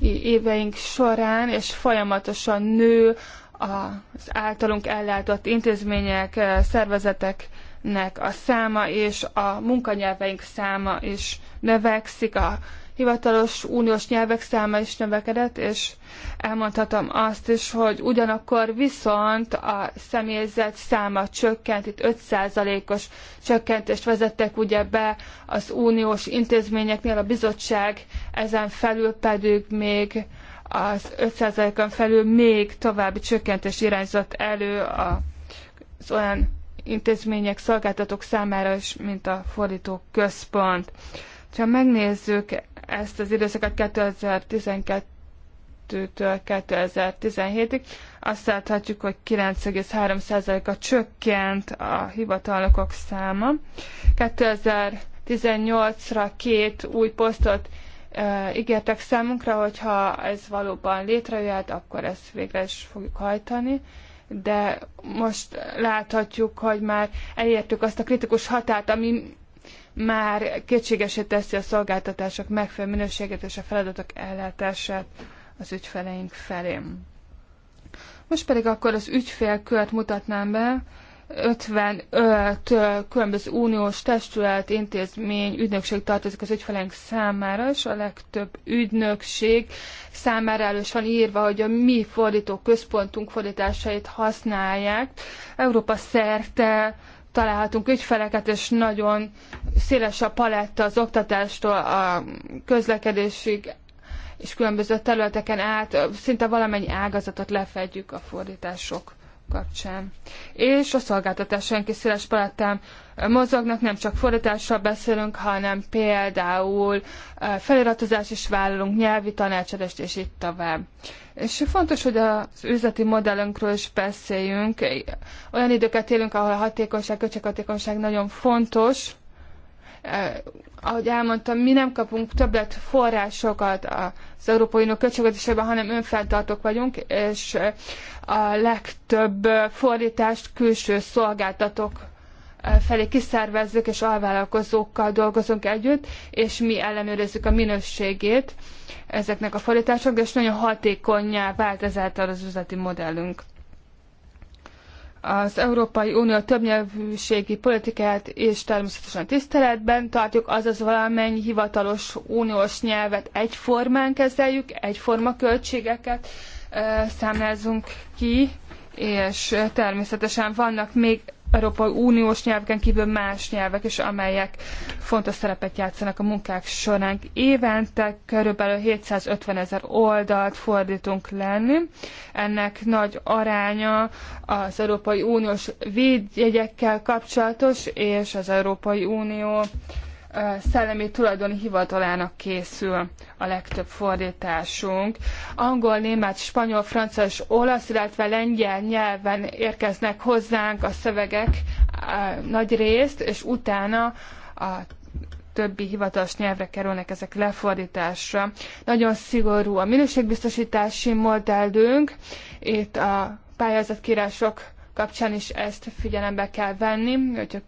éveink során, és folyamatosan nő az általunk ellátott intézmények, eh, szervezeteknek a száma és a munkanyelveink száma is növekszik, a hivatalos uniós nyelvek száma is növekedett, és elmondhatom azt is, hogy ugyanakkor viszont a személyzet száma csökkent, itt 5%-os csökkentést vezettek ugye be az uniós intézményeknél, a bizottság ezen felül pedig még az 5%-on felül még további csökkentés irányzott elő az olyan intézmények, szolgáltatók számára is, mint a fordító központ. Ha megnézzük ezt az időszakot 2012-től 2017-ig, azt láthatjuk, hogy 9,3%-a csökkent a hivatalnokok száma. 2018-ra két új posztot e, ígértek számunkra, hogyha ez valóban létrejöhet, akkor ezt végre is fogjuk hajtani de most láthatjuk, hogy már elértük azt a kritikus határt, ami már kétségesé teszi a szolgáltatások megfelelő minőséget és a feladatok ellátását az ügyfeleink felé. Most pedig akkor az ügyfélkört mutatnám be, 55 különböző uniós testület, intézmény, ügynökség tartozik az ügyfeleink számára, és a legtöbb ügynökség számára elő van írva, hogy a mi fordító központunk fordításait használják. Európa szerte találhatunk ügyfeleket, és nagyon széles a paletta az oktatástól a közlekedésig, és különböző területeken át, szinte valamennyi ágazatot lefedjük a fordítások kapcsán. És a szolgáltatás senki széles palettán mozognak, nem csak fordításra beszélünk, hanem például feliratozás is vállalunk, nyelvi tanácsadást, és itt tovább. És fontos, hogy az üzleti modellünkről is beszéljünk. Olyan időket élünk, ahol a hatékonyság, költséghatékonyság nagyon fontos, Eh, ahogy elmondtam, mi nem kapunk többet forrásokat az Európai Unió költségvetésében, hanem önfeltartók vagyunk, és eh, a legtöbb fordítást külső szolgáltatók eh, felé kiszervezzük, és alvállalkozókkal dolgozunk együtt, és mi ellenőrizzük a minőségét ezeknek a fordításoknak, és nagyon hatékonyá vált ezáltal az üzleti modellünk az Európai Unió többnyelvűségi politikáját és természetesen tiszteletben tartjuk, azaz valamennyi hivatalos uniós nyelvet egyformán kezeljük, egyforma költségeket számlázunk ki, és természetesen vannak még Európai Uniós nyelveken kívül más nyelvek is, amelyek fontos szerepet játszanak a munkák során. Évente körülbelül 750 ezer oldalt fordítunk lenni. Ennek nagy aránya az Európai Uniós védjegyekkel kapcsolatos, és az Európai Unió szellemi tulajdoni hivatalának készül a legtöbb fordításunk. Angol, német, spanyol, francia és olasz, illetve lengyel nyelven érkeznek hozzánk a szövegek nagy részt, és utána a többi hivatalos nyelvre kerülnek ezek lefordításra. Nagyon szigorú a minőségbiztosítási modellünk, itt a pályázatkírások kapcsán is ezt figyelembe kell venni, hogyha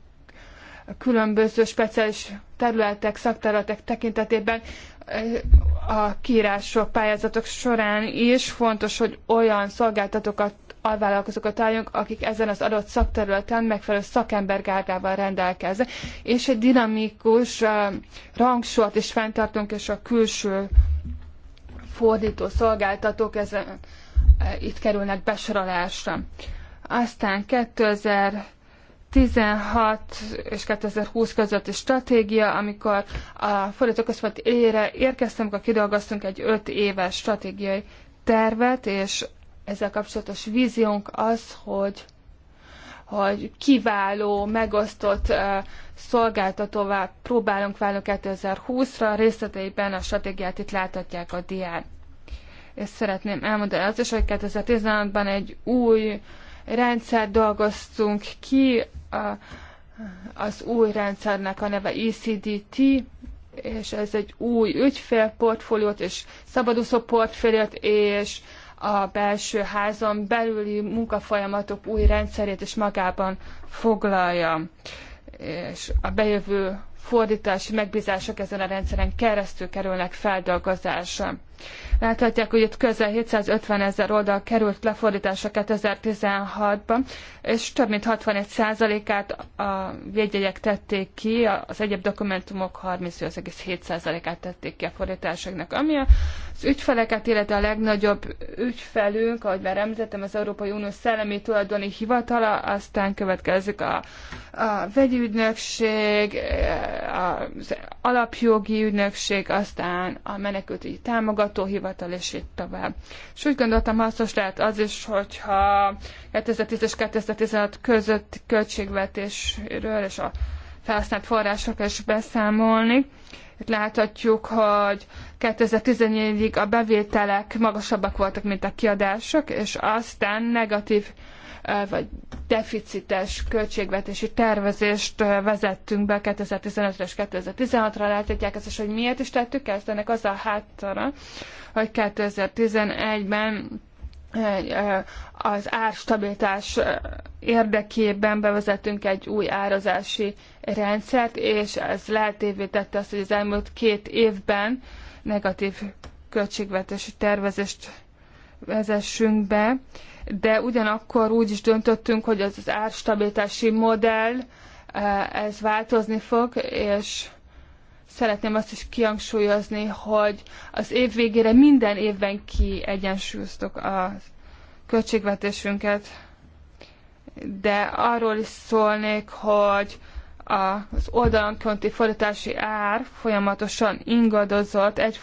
különböző speciális területek, szakterületek tekintetében eh, a kiírások, pályázatok során is fontos, hogy olyan szolgáltatókat, alvállalkozókat álljunk, akik ezen az adott szakterületen megfelelő szakembergárgával rendelkeznek, és egy dinamikus uh, rangsort is fenntartunk, és a külső fordító szolgáltatók ezen, uh, itt kerülnek besorolásra. Aztán 2000 16 és 2020 közötti stratégia, amikor a fordítóközpont élére érkeztem, akkor kidolgoztunk egy 5 éves stratégiai tervet, és ezzel kapcsolatos víziónk az, hogy hogy kiváló, megosztott uh, szolgáltatóvá próbálunk válni 2020-ra, részleteiben a stratégiát itt láthatják a dián. És szeretném elmondani azt is, hogy 2016-ban egy új rendszer dolgoztunk ki, a, az új rendszernek a neve ECDT, és ez egy új ügyfélportfóliót és szabadúszó portfóliót, és a belső házon belüli munkafolyamatok új rendszerét is magában foglalja. És a bejövő fordítási megbízások ezen a rendszeren keresztül kerülnek feldolgozásra. Láthatják, hogy itt közel 750 ezer oldal került lefordítása 2016-ban, és több mint 61%-át a védjegyek tették ki, az egyéb dokumentumok 38,7%-át tették ki a fordításoknak. Ami a ügyfeleket, illetve a legnagyobb ügyfelünk, ahogy már említettem, az Európai Unió Szellemi Tulajdoni Hivatala, aztán következik a, a vegyi ügynökség, az alapjogi ügynökség, aztán a menekültügyi támogató hivatal, és így tovább. És úgy gondoltam, hasznos lehet az is, hogyha 2010 és 2016 között költségvetésről és a felhasznált forrásokról is beszámolni. Itt láthatjuk, hogy 2014-ig a bevételek magasabbak voltak, mint a kiadások, és aztán negatív vagy deficites költségvetési tervezést vezettünk be 2015-re és 2016-ra. Láthatják ezt hogy miért is tettük ezt. Ennek az a háttara, hogy 2011-ben az árstabilitás érdekében bevezetünk egy új árazási rendszert, és ez lehetővé tette azt, hogy az elmúlt két évben negatív költségvetési tervezést vezessünk be, de ugyanakkor úgy is döntöttünk, hogy az árstabilitási modell ez változni fog, és szeretném azt is kihangsúlyozni, hogy az év végére minden évben kiegyensúlyoztuk a költségvetésünket, de arról is szólnék, hogy az oldalonkénti fordítási ár folyamatosan ingadozott, egy,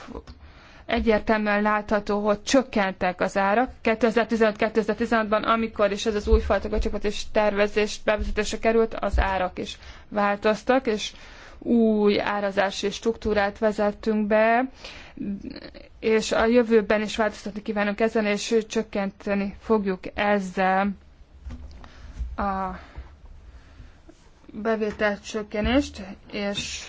egyértelműen látható, hogy csökkentek az árak. 2015-2016-ban, amikor is ez az újfajta költségvetés tervezés bevezetése került, az árak is változtak, és új árazási struktúrát vezettünk be, és a jövőben is változtatni kívánunk ezen, és csökkenteni fogjuk ezzel a csökkenést, és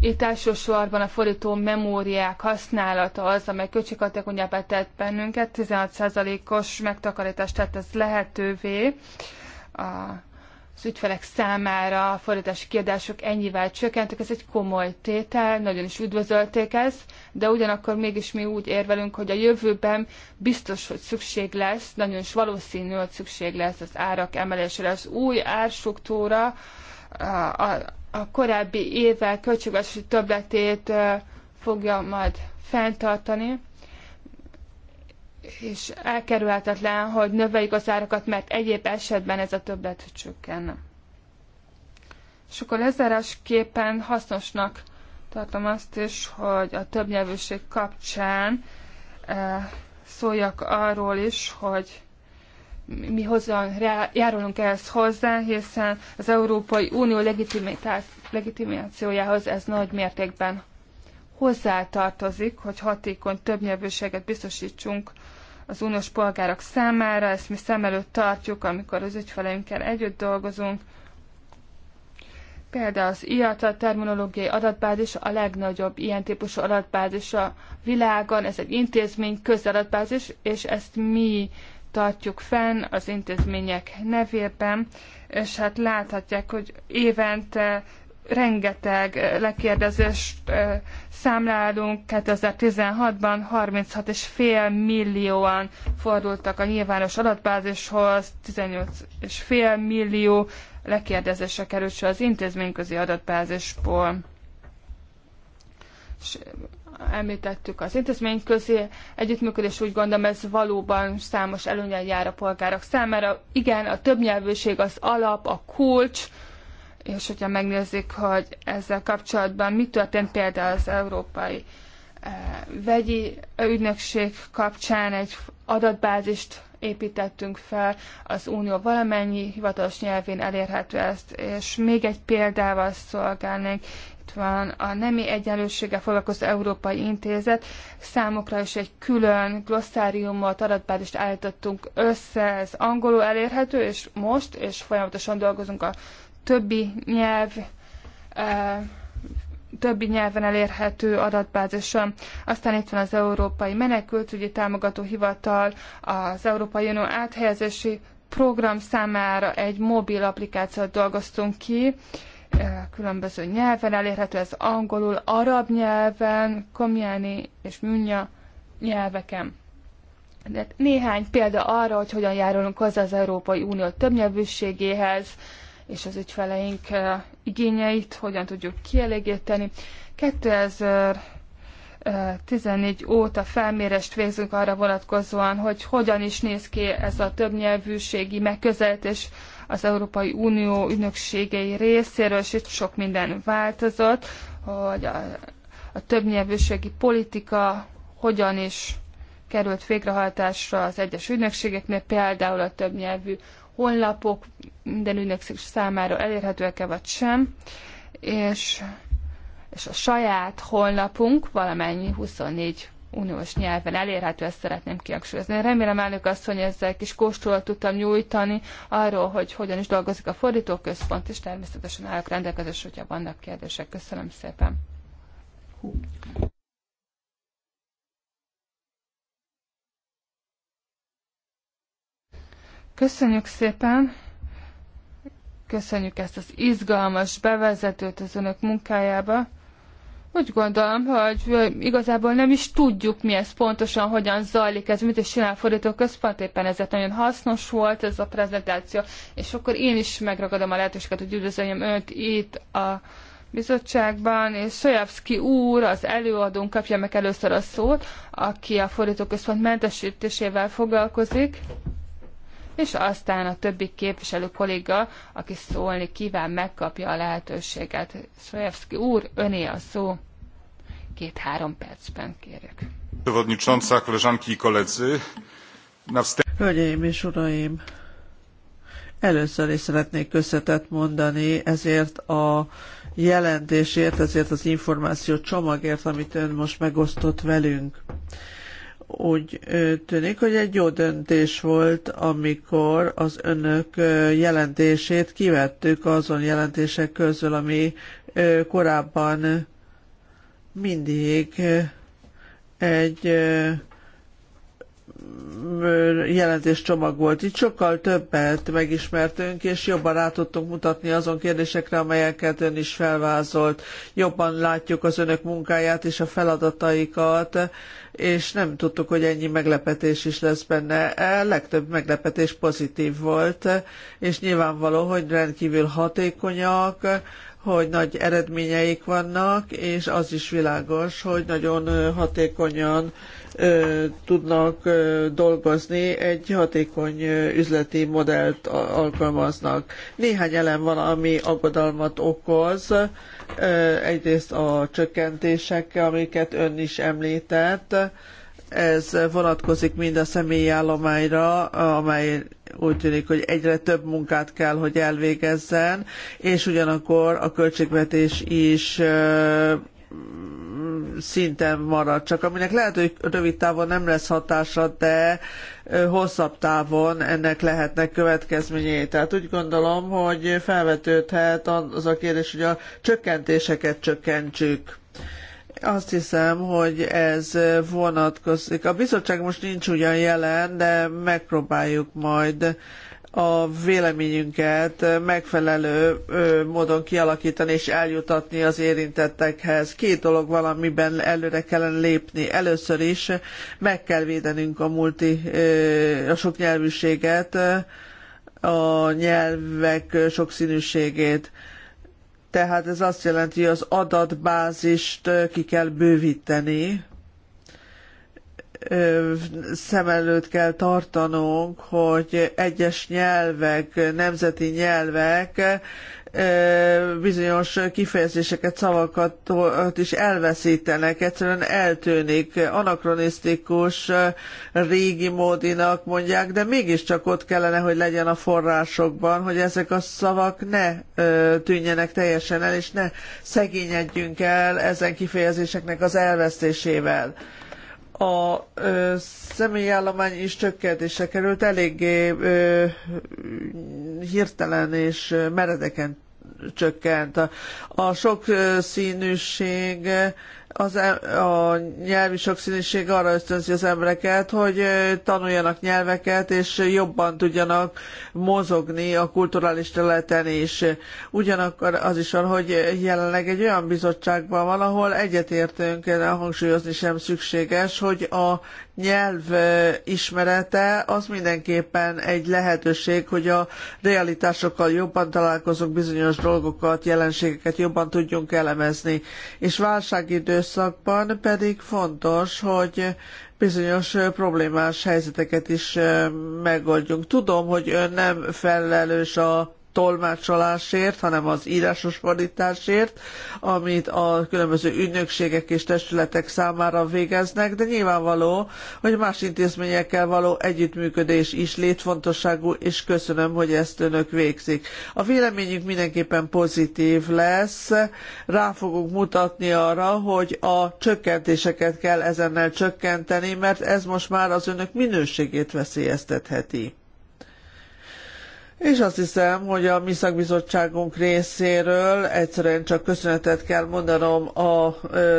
itt elsősorban a fordító memóriák használata az, amely költséghatékonyabbá tett bennünket, 16%-os megtakarítást tett ez lehetővé a az ügyfelek számára a fordítási kiadások ennyivel csökkentek, ez egy komoly tétel, nagyon is üdvözölték ezt, de ugyanakkor mégis mi úgy érvelünk, hogy a jövőben biztos, hogy szükség lesz, nagyon is valószínű, hogy szükség lesz az árak emelésére, az új árstruktúra, a, a, a korábbi évvel költségvetési többletét fogja majd fenntartani, és elkerülhetetlen, hogy növeljük az árakat, mert egyéb esetben ez a többlet csökkenne. És akkor képen hasznosnak tartom azt is, hogy a többnyelvűség kapcsán eh, szóljak arról is, hogy mi hozzon járulunk ehhez hozzá, hiszen az Európai Unió legitimációjához ez nagy mértékben hozzátartozik, hogy hatékony többnyelvűséget biztosítsunk az uniós polgárok számára, ezt mi szem előtt tartjuk, amikor az ügyfeleinkkel együtt dolgozunk. Például az IATA terminológiai adatbázis a legnagyobb ilyen típusú adatbázis a világon, ez egy intézmény közadatbázis, és ezt mi tartjuk fenn az intézmények nevében, és hát láthatják, hogy évente rengeteg eh, lekérdezést eh, számlálunk. 2016-ban 36,5 millióan fordultak a nyilvános adatbázishoz, 18,5 millió lekérdezésre került se az intézményközi adatbázisból. És eh, említettük az intézményközi együttműködés, úgy gondolom ez valóban számos előnyel jár a polgárok számára. Igen, a többnyelvűség az alap, a kulcs, és hogyha megnézzük, hogy ezzel kapcsolatban mi történt például az Európai eh, Vegyi Ügynökség kapcsán egy adatbázist építettünk fel, az Unió valamennyi hivatalos nyelvén elérhető ezt, és még egy példával szolgálnék, itt van a Nemi Egyenlőséggel foglalkozó Európai Intézet, számokra is egy külön glossáriumot, adatbázist állítottunk össze, ez angolul elérhető, és most, és folyamatosan dolgozunk a többi nyelv többi nyelven elérhető adatbázisa. Aztán itt van az Európai Menekültügyi Támogató Hivatal, az Európai Unió áthelyezési program számára egy mobil applikációt dolgoztunk ki, különböző nyelven elérhető, ez angolul, arab nyelven, komjáni és műnya nyelveken. De hát néhány példa arra, hogy hogyan járulunk hozzá az Európai Unió többnyelvűségéhez, és az ügyfeleink eh, igényeit hogyan tudjuk kielégíteni. 2014 óta felmérést végzünk arra vonatkozóan, hogy hogyan is néz ki ez a többnyelvűségi megközelítés az Európai Unió ügynökségei részéről, és itt sok minden változott, hogy a, a többnyelvűségi politika hogyan is került végrehajtásra az egyes ügynökségeknél, például a többnyelvű honlapok minden ügynökség számára elérhetőek-e vagy sem, és, és a saját honlapunk valamennyi 24 uniós nyelven elérhető, ezt szeretném kiaksúlyozni. Remélem, elnök hogy ezzel kis kóstolat tudtam nyújtani arról, hogy hogyan is dolgozik a fordítóközpont, és természetesen állok rendelkezés, hogyha vannak kérdések. Köszönöm szépen. Köszönjük szépen! Köszönjük ezt az izgalmas bevezetőt az önök munkájába. Úgy gondolom, hogy igazából nem is tudjuk mi ez pontosan, hogyan zajlik ez, mit is csinál fordító központ, éppen ezért nagyon hasznos volt ez a prezentáció, és akkor én is megragadom a lehetőséget, hogy üdvözöljem önt itt a bizottságban, és Sajavszki úr, az előadónk kapja meg először a szót, aki a fordítóközpont mentesítésével foglalkozik és aztán a többi képviselő kolléga, aki szólni kíván, megkapja a lehetőséget. Szojevszki úr, öné a szó. Két-három percben kérjük. Hölgyeim és uraim! Először is szeretnék köszönetet mondani ezért a jelentésért, ezért az információ csomagért, amit ön most megosztott velünk úgy tűnik, hogy egy jó döntés volt, amikor az önök jelentését kivettük azon jelentések közül, ami korábban mindig egy jelentéscsomag volt. Itt sokkal többet megismertünk, és jobban rá tudtunk mutatni azon kérdésekre, amelyeket ön is felvázolt. Jobban látjuk az önök munkáját és a feladataikat, és nem tudtuk, hogy ennyi meglepetés is lesz benne. A legtöbb meglepetés pozitív volt, és nyilvánvaló, hogy rendkívül hatékonyak, hogy nagy eredményeik vannak, és az is világos, hogy nagyon hatékonyan ö, tudnak ö, dolgozni, egy hatékony ö, üzleti modellt alkalmaznak. Néhány elem van, ami aggodalmat okoz. Ö, Egyrészt a csökkentések, amiket ön is említett, ez vonatkozik mind a személyi állományra, amely úgy tűnik, hogy egyre több munkát kell, hogy elvégezzen, és ugyanakkor a költségvetés is szinten marad csak, aminek lehet, hogy rövid távon nem lesz hatása, de hosszabb távon ennek lehetnek következményei. Tehát úgy gondolom, hogy felvetődhet az a kérdés, hogy a csökkentéseket csökkentsük azt hiszem, hogy ez vonatkozik. A bizottság most nincs ugyan jelen, de megpróbáljuk majd a véleményünket megfelelő módon kialakítani és eljutatni az érintettekhez. Két dolog van, amiben előre kellene lépni. Először is meg kell védenünk a multi, a soknyelvűséget, a nyelvek sokszínűségét. Tehát ez azt jelenti, hogy az adatbázist ki kell bővíteni, szem előtt kell tartanunk, hogy egyes nyelvek, nemzeti nyelvek bizonyos kifejezéseket, szavakat is elveszítenek, egyszerűen eltűnik, anakronisztikus, régi módinak mondják, de mégiscsak ott kellene, hogy legyen a forrásokban, hogy ezek a szavak ne tűnjenek teljesen el, és ne szegényedjünk el ezen kifejezéseknek az elvesztésével a ö, állomány is csökkentése került, eléggé ö, hirtelen és meredeken csökkent. A, a sok színűség az, a nyelvi sokszínűség arra ösztönzi az embereket, hogy tanuljanak nyelveket, és jobban tudjanak mozogni a kulturális területen is. Ugyanakkor az is van, hogy jelenleg egy olyan bizottságban van, ahol egyetértünk, hangsúlyozni sem szükséges, hogy a nyelv ismerete az mindenképpen egy lehetőség, hogy a realitásokkal jobban találkozunk, bizonyos dolgokat, jelenségeket jobban tudjunk elemezni. És válságidőszak időszakban pedig fontos, hogy bizonyos problémás helyzeteket is megoldjunk. Tudom, hogy ön nem felelős a tolmácsolásért, hanem az írásos fordításért, amit a különböző ügynökségek és testületek számára végeznek, de nyilvánvaló, hogy más intézményekkel való együttműködés is létfontosságú, és köszönöm, hogy ezt önök végzik. A véleményünk mindenképpen pozitív lesz, rá fogunk mutatni arra, hogy a csökkentéseket kell ezennel csökkenteni, mert ez most már az önök minőségét veszélyeztetheti és azt hiszem, hogy a mi szakbizottságunk részéről egyszerűen csak köszönetet kell mondanom a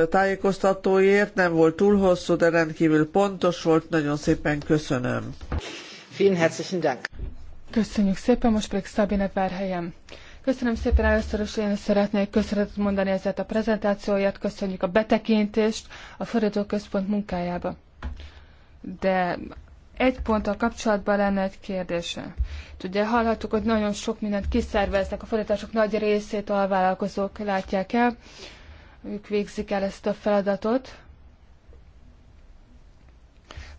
tájékoztatóért. Nem volt túl hosszú, de rendkívül pontos volt. Nagyon szépen köszönöm. Vielen herzlichen Dank. Köszönjük szépen, most pedig Szabine Várhelyen. Köszönöm szépen először is én szeretnék köszönetet mondani ezért a prezentációját, köszönjük a betekintést a Fordítóközpont munkájába. De egy ponttal kapcsolatban lenne egy kérdése. Ugye hallhattuk, hogy nagyon sok mindent kiszerveznek, a fordítások nagy részét a vállalkozók látják el, ők végzik el ezt a feladatot.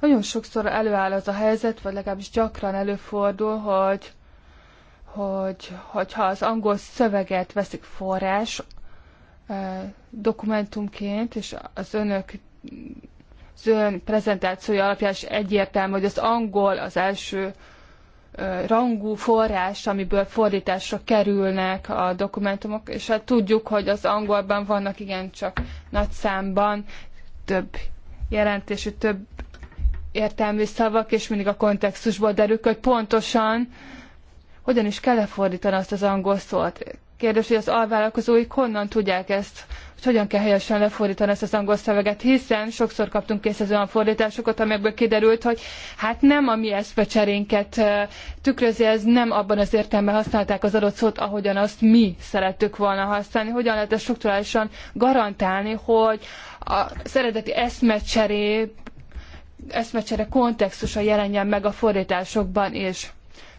Nagyon sokszor előáll az a helyzet, vagy legalábbis gyakran előfordul, hogy, hogy, hogyha az angol szöveget veszik forrás eh, dokumentumként, és az önök az ön prezentációja alapján is egyértelmű, hogy az angol az első rangú forrás, amiből fordításra kerülnek a dokumentumok, és hát tudjuk, hogy az angolban vannak igencsak nagy számban több jelentésű, több értelmű szavak, és mindig a kontextusból derül, hogy pontosan hogyan is kell lefordítani azt az angol szót kérdés, hogy az alvállalkozóik honnan tudják ezt, hogy hogyan kell helyesen lefordítani ezt az angol szöveget, hiszen sokszor kaptunk kész olyan fordításokat, amelyekből kiderült, hogy hát nem a mi eszpecserénket tükrözi, ez nem abban az értelemben használták az adott szót, ahogyan azt mi szerettük volna használni. Hogyan lehet ezt strukturálisan garantálni, hogy a szeredeti eszmecseré eszmecsere kontextusa jelenjen meg a fordításokban is.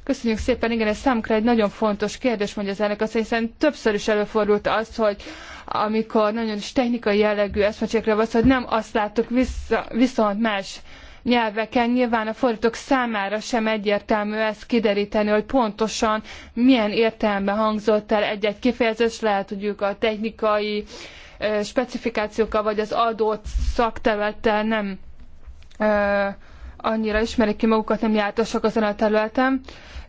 Köszönjük szépen, igen, ez számukra egy nagyon fontos kérdés, mondja az elnök azt, hiszen többször is előfordult az, hogy amikor nagyon is technikai jellegű eszmecsékre van, hogy nem azt láttuk vissza, viszont más nyelveken. Nyilván a fordítók számára sem egyértelmű ezt kideríteni, hogy pontosan milyen értelemben hangzott el egy-egy kifejezés, lehet, hogy ők a technikai specifikációkkal vagy az adott szakterülettel nem annyira ismerik ki magukat, nem jártasak azon a területen,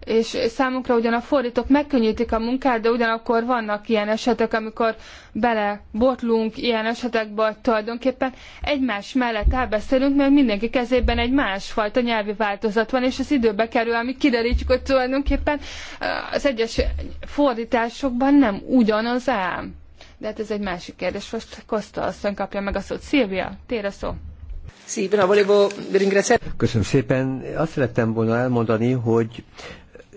és számunkra ugyan a fordítók megkönnyítik a munkát, de ugyanakkor vannak ilyen esetek, amikor belebotlunk ilyen esetekbe, hogy tulajdonképpen egymás mellett elbeszélünk, mert mindenki kezében egy másfajta nyelvi változat van, és az időbe kerül, amíg kiderítjük, hogy tulajdonképpen az egyes fordításokban nem ugyanaz ám. De hát ez egy másik kérdés. Most Kosta azt kapja meg a szót. Szilvia, tér a szó. Köszönöm szépen. Azt szerettem volna elmondani, hogy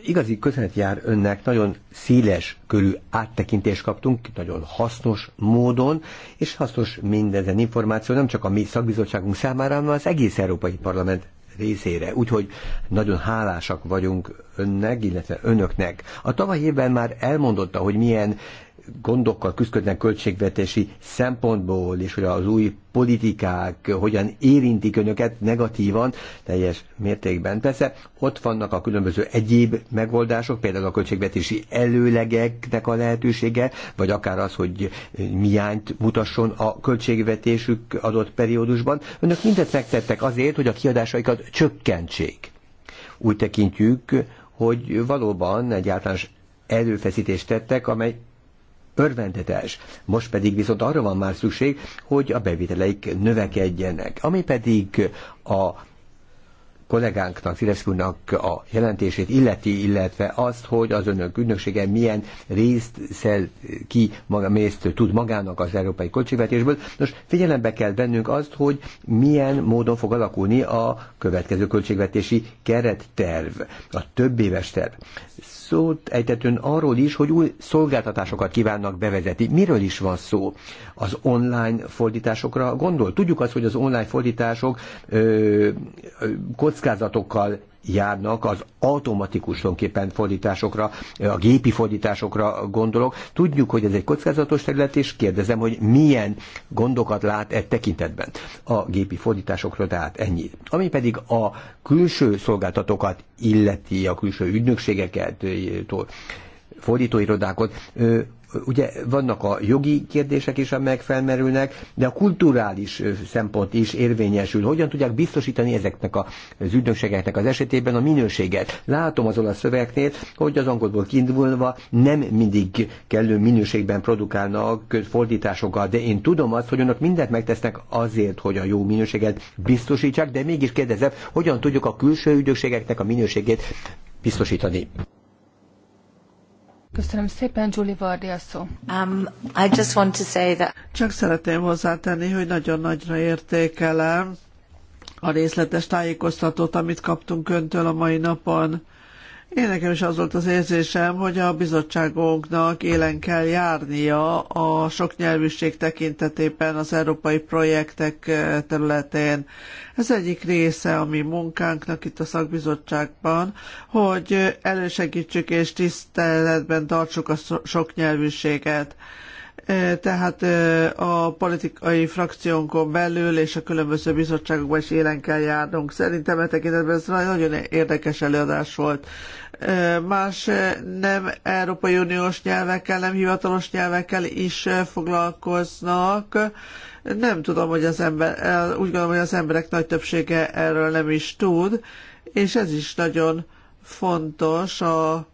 igazi köszönet jár önnek, nagyon széles körű áttekintést kaptunk, nagyon hasznos módon, és hasznos mindezen információ nem csak a mi szakbizottságunk számára, hanem az egész Európai Parlament részére. Úgyhogy nagyon hálásak vagyunk önnek, illetve önöknek. A tavaly évben már elmondotta, hogy milyen gondokkal küzdködnek költségvetési szempontból, és hogy az új politikák hogyan érintik önöket negatívan, teljes mértékben. Persze ott vannak a különböző egyéb megoldások, például a költségvetési előlegeknek a lehetősége, vagy akár az, hogy miányt mutasson a költségvetésük adott periódusban. Önök mindent megtettek azért, hogy a kiadásaikat csökkentsék. Úgy tekintjük, hogy valóban egy általános előfeszítést tettek, amely örvendetes. Most pedig viszont arra van már szükség, hogy a bevételeik növekedjenek, ami pedig a kollégánknak, Szilevszki a jelentését illeti, illetve azt, hogy az önök ügynöksége milyen részt szel ki, maga, részt tud magának az európai költségvetésből. Nos, figyelembe kell vennünk azt, hogy milyen módon fog alakulni a következő költségvetési keretterv, a több éves terv szót ejtetőn arról is, hogy új szolgáltatásokat kívánnak bevezetni. Miről is van szó? Az online fordításokra gondol? Tudjuk azt, hogy az online fordítások ö, ö, kockázatokkal járnak az automatikus tulajdonképpen fordításokra, a gépi fordításokra gondolok. Tudjuk, hogy ez egy kockázatos terület, és kérdezem, hogy milyen gondokat lát e tekintetben a gépi fordításokra, tehát ennyi. Ami pedig a külső szolgáltatókat illeti, a külső ügynökségeket, fordítóirodákat, Ugye vannak a jogi kérdések is, amelyek felmerülnek, de a kulturális szempont is érvényesül. Hogyan tudják biztosítani ezeknek az ügynökségeknek az esetében a minőséget? Látom az olasz szövegnél, hogy az angolból kiindulva nem mindig kellő minőségben produkálnak fordításokat, de én tudom azt, hogy önök mindent megtesznek azért, hogy a jó minőséget biztosítsák, de mégis kérdezem, hogyan tudjuk a külső ügynökségeknek a minőségét biztosítani. Köszönöm szépen, Julie a szó. Um, I just want to say that... Csak szeretném hozzátenni, hogy nagyon nagyra értékelem a részletes tájékoztatót, amit kaptunk öntől a mai napon én nekem is az volt az érzésem, hogy a bizottságunknak élen kell járnia a sok nyelvűség tekintetében az európai projektek eh, területén. Ez egyik része a mi munkánknak itt a szakbizottságban, hogy elősegítsük és tiszteletben tartsuk a sok nyelvűséget eh, tehát eh, a politikai frakciónkon belül és a különböző bizottságokban is élen kell járnunk. Szerintem e tekintetben ez nagyon érdekes előadás volt más nem Európai Uniós nyelvekkel, nem hivatalos nyelvekkel is foglalkoznak. Nem tudom, hogy az ember, úgy gondolom, hogy az emberek nagy többsége erről nem is tud, és ez is nagyon fontos a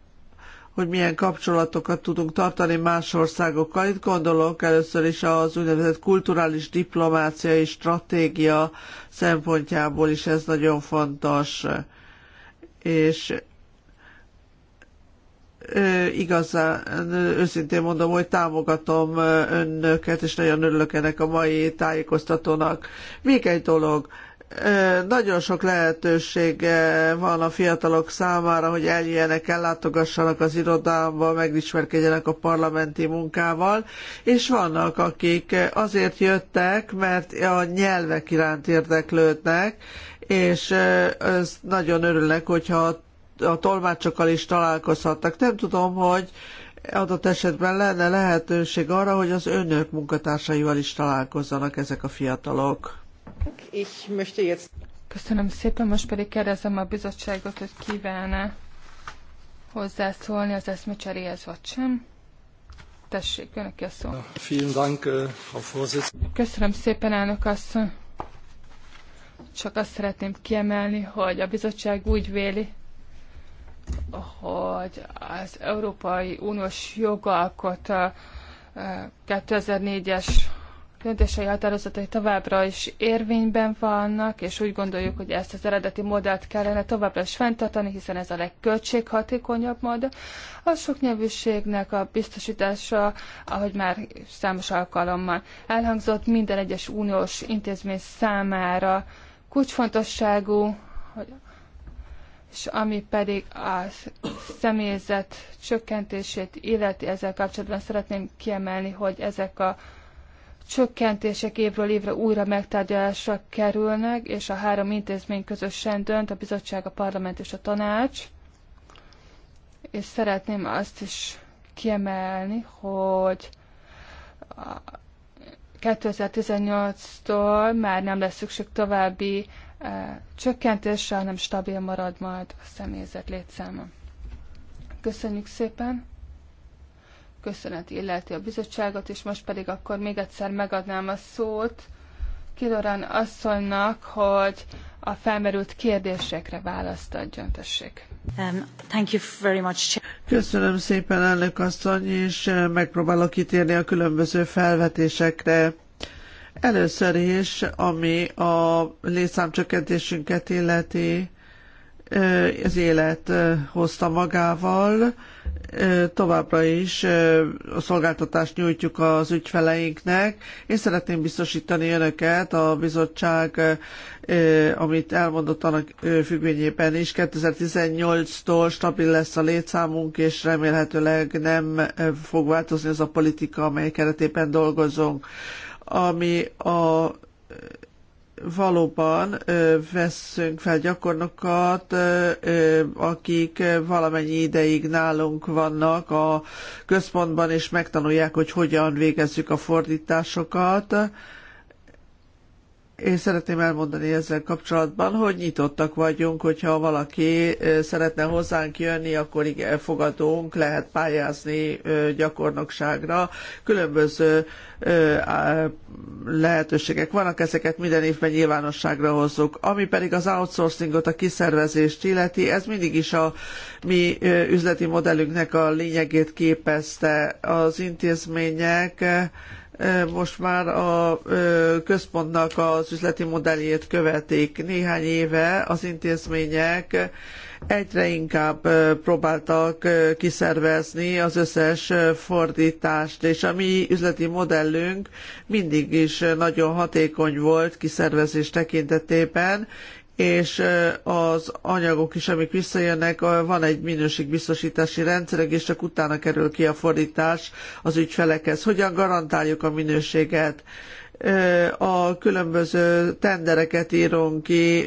hogy milyen kapcsolatokat tudunk tartani más országokkal. Itt gondolok először is az úgynevezett kulturális diplomáciai stratégia szempontjából is ez nagyon fontos. És igazán őszintén mondom, hogy támogatom önöket, és nagyon örülök ennek a mai tájékoztatónak. Még egy dolog, nagyon sok lehetőség van a fiatalok számára, hogy eljöjjenek, ellátogassanak az irodámba, megismerkedjenek a parlamenti munkával, és vannak, akik azért jöttek, mert a nyelvek iránt érdeklődnek, és nagyon örülnek, hogyha a tolmácsokkal is találkozhattak. Nem tudom, hogy adott esetben lenne lehetőség arra, hogy az önök munkatársaival is találkozzanak ezek a fiatalok. Köszönöm szépen, most pedig kérdezem a bizottságot, hogy kívánna hozzászólni az eszmecseréhez, vagy sem. Tessék, önök a szó. Äh, Köszönöm szépen, elnök asszony. Csak azt szeretném kiemelni, hogy a bizottság úgy véli, hogy az Európai Uniós jogalkot 2004-es döntései határozatai továbbra is érvényben vannak, és úgy gondoljuk, hogy ezt az eredeti modellt kellene továbbra is fenntartani, hiszen ez a legköltséghatékonyabb mód. A nyelvűségnek a biztosítása, ahogy már számos alkalommal elhangzott, minden egyes uniós intézmény számára kulcsfontosságú, hogy és ami pedig a személyzet csökkentését illeti, ezzel kapcsolatban szeretném kiemelni, hogy ezek a csökkentések évről évre újra megtárgyalásra kerülnek, és a három intézmény közösen dönt, a bizottság, a parlament és a tanács. És szeretném azt is kiemelni, hogy 2018-tól már nem lesz szükség további csökkentése, hanem stabil marad majd a személyzet létszáma. Köszönjük szépen! Köszönet illeti a bizottságot, és most pedig akkor még egyszer megadnám a szót Kilorán asszonynak, hogy a felmerült kérdésekre választ adjon, tessék. Um, thank you very much. Köszönöm szépen, elnök asszony, és eh, megpróbálok kitérni a különböző felvetésekre. Először is, ami a létszámcsökkentésünket illeti, az élet hozta magával. Továbbra is a szolgáltatást nyújtjuk az ügyfeleinknek, és szeretném biztosítani önöket a bizottság, amit elmondott annak függvényében is, 2018-tól stabil lesz a létszámunk, és remélhetőleg nem fog változni az a politika, amely keretében dolgozunk ami a valóban veszünk fel gyakornokat, akik valamennyi ideig nálunk vannak a központban, és megtanulják, hogy hogyan végezzük a fordításokat én szeretném elmondani ezzel kapcsolatban, hogy nyitottak vagyunk, hogyha valaki szeretne hozzánk jönni, akkor igen, fogadunk, lehet pályázni gyakornokságra. Különböző lehetőségek vannak, ezeket minden évben nyilvánosságra hozzuk. Ami pedig az outsourcingot, a kiszervezést illeti, ez mindig is a mi üzleti modellünknek a lényegét képezte. Az intézmények most már a központnak az üzleti modelljét követik. Néhány éve az intézmények egyre inkább próbáltak kiszervezni az összes fordítást, és a mi üzleti modellünk mindig is nagyon hatékony volt kiszervezés tekintetében, és az anyagok is, amik visszajönnek, van egy minőségbiztosítási rendszerek, és csak utána kerül ki a fordítás az ügyfelekhez. Hogyan garantáljuk a minőséget? a különböző tendereket írunk ki,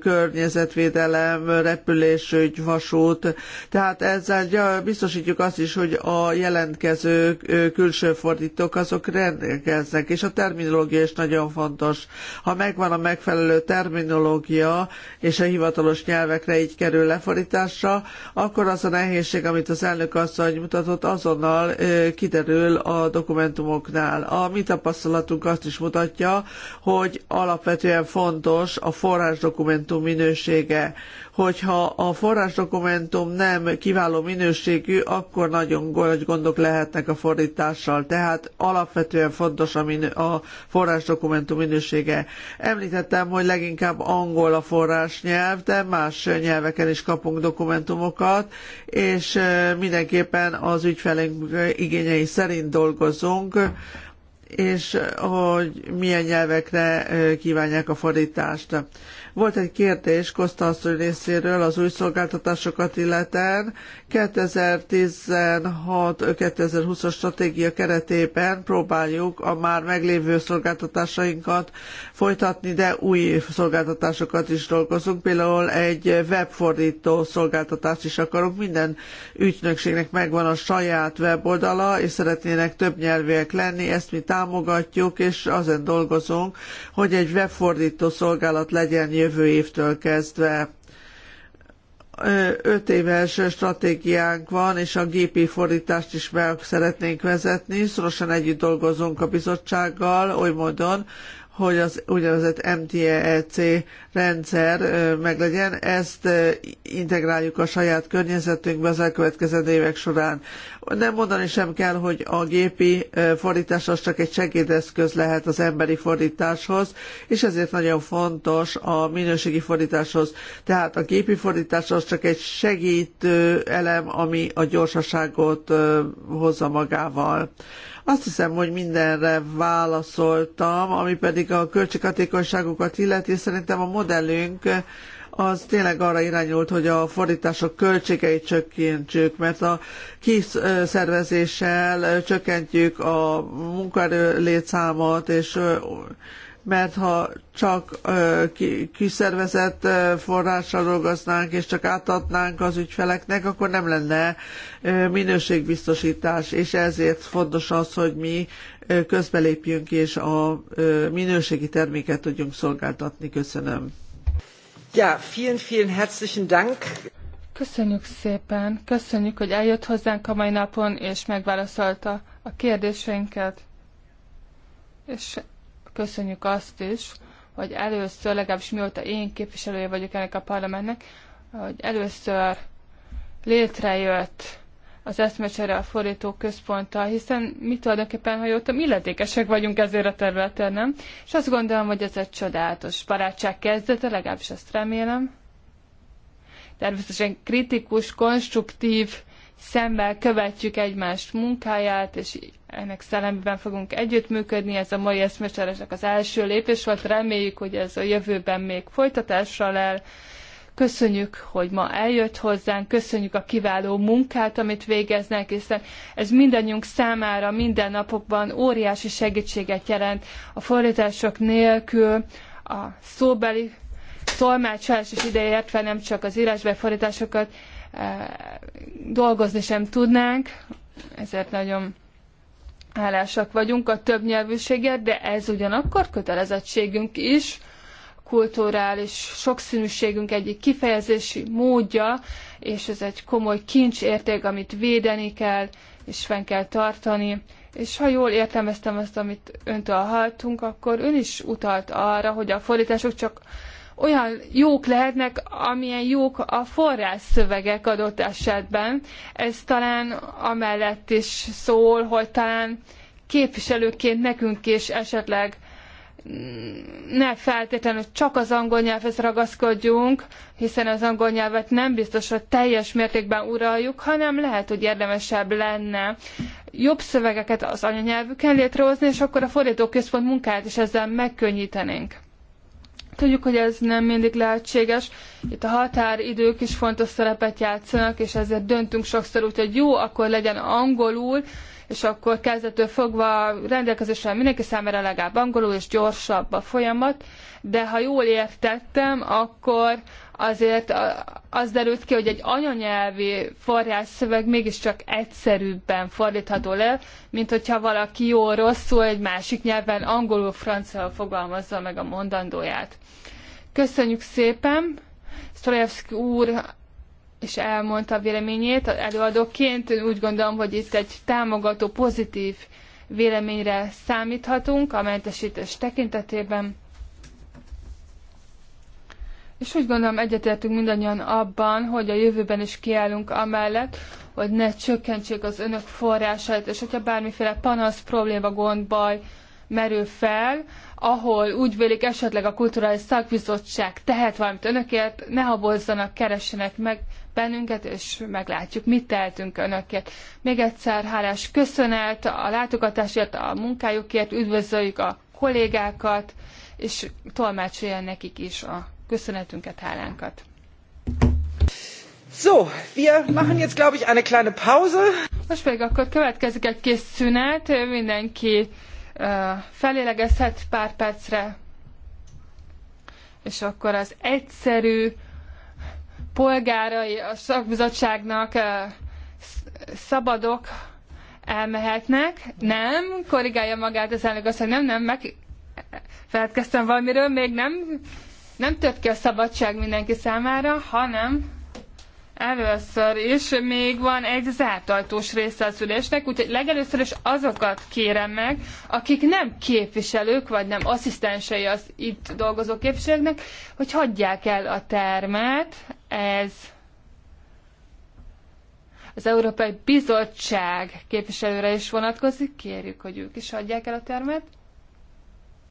környezetvédelem, repülésügy, vasút. Tehát ezzel biztosítjuk azt is, hogy a jelentkező külső fordítók azok rendelkeznek, és a terminológia is nagyon fontos. Ha megvan a megfelelő terminológia, és a hivatalos nyelvekre így kerül lefordításra, akkor az a nehézség, amit az elnök asszony mutatott, azonnal kiderül a dokumentumoknál. A mi tapasztalatunk azt is is mutatja, hogy alapvetően fontos a forrásdokumentum minősége. Hogyha a forrásdokumentum nem kiváló minőségű, akkor nagyon nagy gondok lehetnek a fordítással. Tehát alapvetően fontos a, minő, a forrásdokumentum minősége. Említettem, hogy leginkább angol a forrásnyelv, de más nyelveken is kapunk dokumentumokat, és mindenképpen az ügyfeleink igényei szerint dolgozunk és eh, hogy milyen nyelvekre eh, kívánják a fordítást. Volt egy kérdés Koszta asszony részéről az új szolgáltatásokat illeten. 2016-2020-as stratégia keretében próbáljuk a már meglévő szolgáltatásainkat folytatni, de új szolgáltatásokat is dolgozunk. Például egy webfordító szolgáltatást is akarunk. Minden ügynökségnek megvan a saját weboldala, és szeretnének több nyelvűek lenni. Ezt mi támogatjuk, és azon dolgozunk, hogy egy webfordító szolgálat legyen jövő évtől kezdve. Öt éves stratégiánk van, és a gépi fordítást is be szeretnénk vezetni. Szorosan együtt dolgozunk a bizottsággal, oly módon, hogy az úgynevezett MTEC rendszer meglegyen, ezt integráljuk a saját környezetünkbe az elkövetkezendő évek során. Nem mondani sem kell, hogy a gépi fordítás az csak egy segédeszköz lehet az emberi fordításhoz, és ezért nagyon fontos a minőségi fordításhoz. Tehát a gépi fordítás az csak egy segítő elem, ami a gyorsaságot hozza magával. Azt hiszem, hogy mindenre válaszoltam, ami pedig a költséghatékonyságokat illeti, szerintem a modellünk az tényleg arra irányult, hogy a fordítások költségeit csökkentsük, mert a kiszervezéssel csökkentjük a munkaerő létszámot, és mert ha csak kiszervezett forrással dolgoznánk, és csak átadnánk az ügyfeleknek, akkor nem lenne minőségbiztosítás, és ezért fontos az, hogy mi közbelépjünk és a minőségi terméket tudjunk szolgáltatni. Köszönöm. Ja, vielen, vielen herzlichen Dank. Köszönjük szépen, köszönjük, hogy eljött hozzánk a mai napon, és megválaszolta a kérdéseinket. És köszönjük azt is, hogy először, legalábbis mióta én képviselője vagyok ennek a parlamentnek, hogy először létrejött az eszmecsere a fordító központtal, hiszen mi tulajdonképpen, ha jól illetékesek vagyunk ezért a területen, nem? És azt gondolom, hogy ez egy csodálatos barátság kezdete, legalábbis ezt remélem. Természetesen kritikus, konstruktív szemmel követjük egymást munkáját, és ennek szellemben fogunk együttműködni. Ez a mai eszmecseresek az első lépés volt. Reméljük, hogy ez a jövőben még folytatásra lel Köszönjük, hogy ma eljött hozzánk, köszönjük a kiváló munkát, amit végeznek, hiszen ez mindannyiunk számára minden napokban óriási segítséget jelent. A fordítások nélkül a szóbeli tolmácsolás is ideértve nem csak az írásbeli fordításokat e, dolgozni sem tudnánk, ezért nagyon hálásak vagyunk a többnyelvűséget, de ez ugyanakkor kötelezettségünk is, kulturális sokszínűségünk egyik kifejezési módja, és ez egy komoly kincsérték, amit védeni kell, és fenn kell tartani. És ha jól értelmeztem azt, amit öntől hallottunk, akkor ön is utalt arra, hogy a fordítások csak olyan jók lehetnek, amilyen jók a forrás szövegek adott esetben. Ez talán amellett is szól, hogy talán képviselőként nekünk is esetleg ne feltétlenül csak az angol nyelvhez ragaszkodjunk, hiszen az angol nyelvet nem biztos, hogy teljes mértékben uraljuk, hanem lehet, hogy érdemesebb lenne jobb szövegeket az anyanyelvükön létrehozni, és akkor a fordítóközpont munkáját is ezzel megkönnyítenénk. Tudjuk, hogy ez nem mindig lehetséges. Itt a határidők is fontos szerepet játszanak, és ezért döntünk sokszor úgy, hogy jó, akkor legyen angolul, és akkor kezdetől fogva rendelkezésre mindenki számára legalább angolul, és gyorsabb a folyamat, de ha jól értettem, akkor azért az derült ki, hogy egy anyanyelvi forrásszöveg mégiscsak egyszerűbben fordítható le, mint hogyha valaki jó rosszul egy másik nyelven angolul, francia fogalmazza meg a mondandóját. Köszönjük szépen! Sztorajevszki úr és elmondta a véleményét előadóként. Én úgy gondolom, hogy itt egy támogató, pozitív véleményre számíthatunk a mentesítés tekintetében. És úgy gondolom egyetértünk mindannyian abban, hogy a jövőben is kiállunk amellett, hogy ne csökkentsék az önök forrásait, és hogyha bármiféle panasz, probléma, gond, baj merül fel, ahol úgy vélik esetleg a kulturális szakbizottság tehet valamit önökért, ne habozzanak, keressenek meg bennünket, és meglátjuk, mit tehetünk önökért. Még egyszer hálás köszönet a látogatásért, a munkájukért, üdvözöljük a kollégákat, és tolmácsoljon nekik is a köszönetünket, hálánkat. So, wir machen jetzt, glaube ich, eine kleine Pause. Most pedig akkor következik egy kis szünet, mindenki uh, felélegezhet pár percre, és akkor az egyszerű polgárai a szakbizottságnak szabadok elmehetnek. Nem, korrigálja magát az elnök azt, hogy nem, nem, meg feledkeztem valamiről, még nem, nem tört ki a szabadság mindenki számára, hanem Először is még van egy zárt ajtós része az ülésnek, úgyhogy legelőször is azokat kérem meg, akik nem képviselők, vagy nem asszisztensei az itt dolgozó képviselőknek, hogy hagyják el a termet. Ez az Európai Bizottság képviselőre is vonatkozik. Kérjük, hogy ők is hagyják el a termet.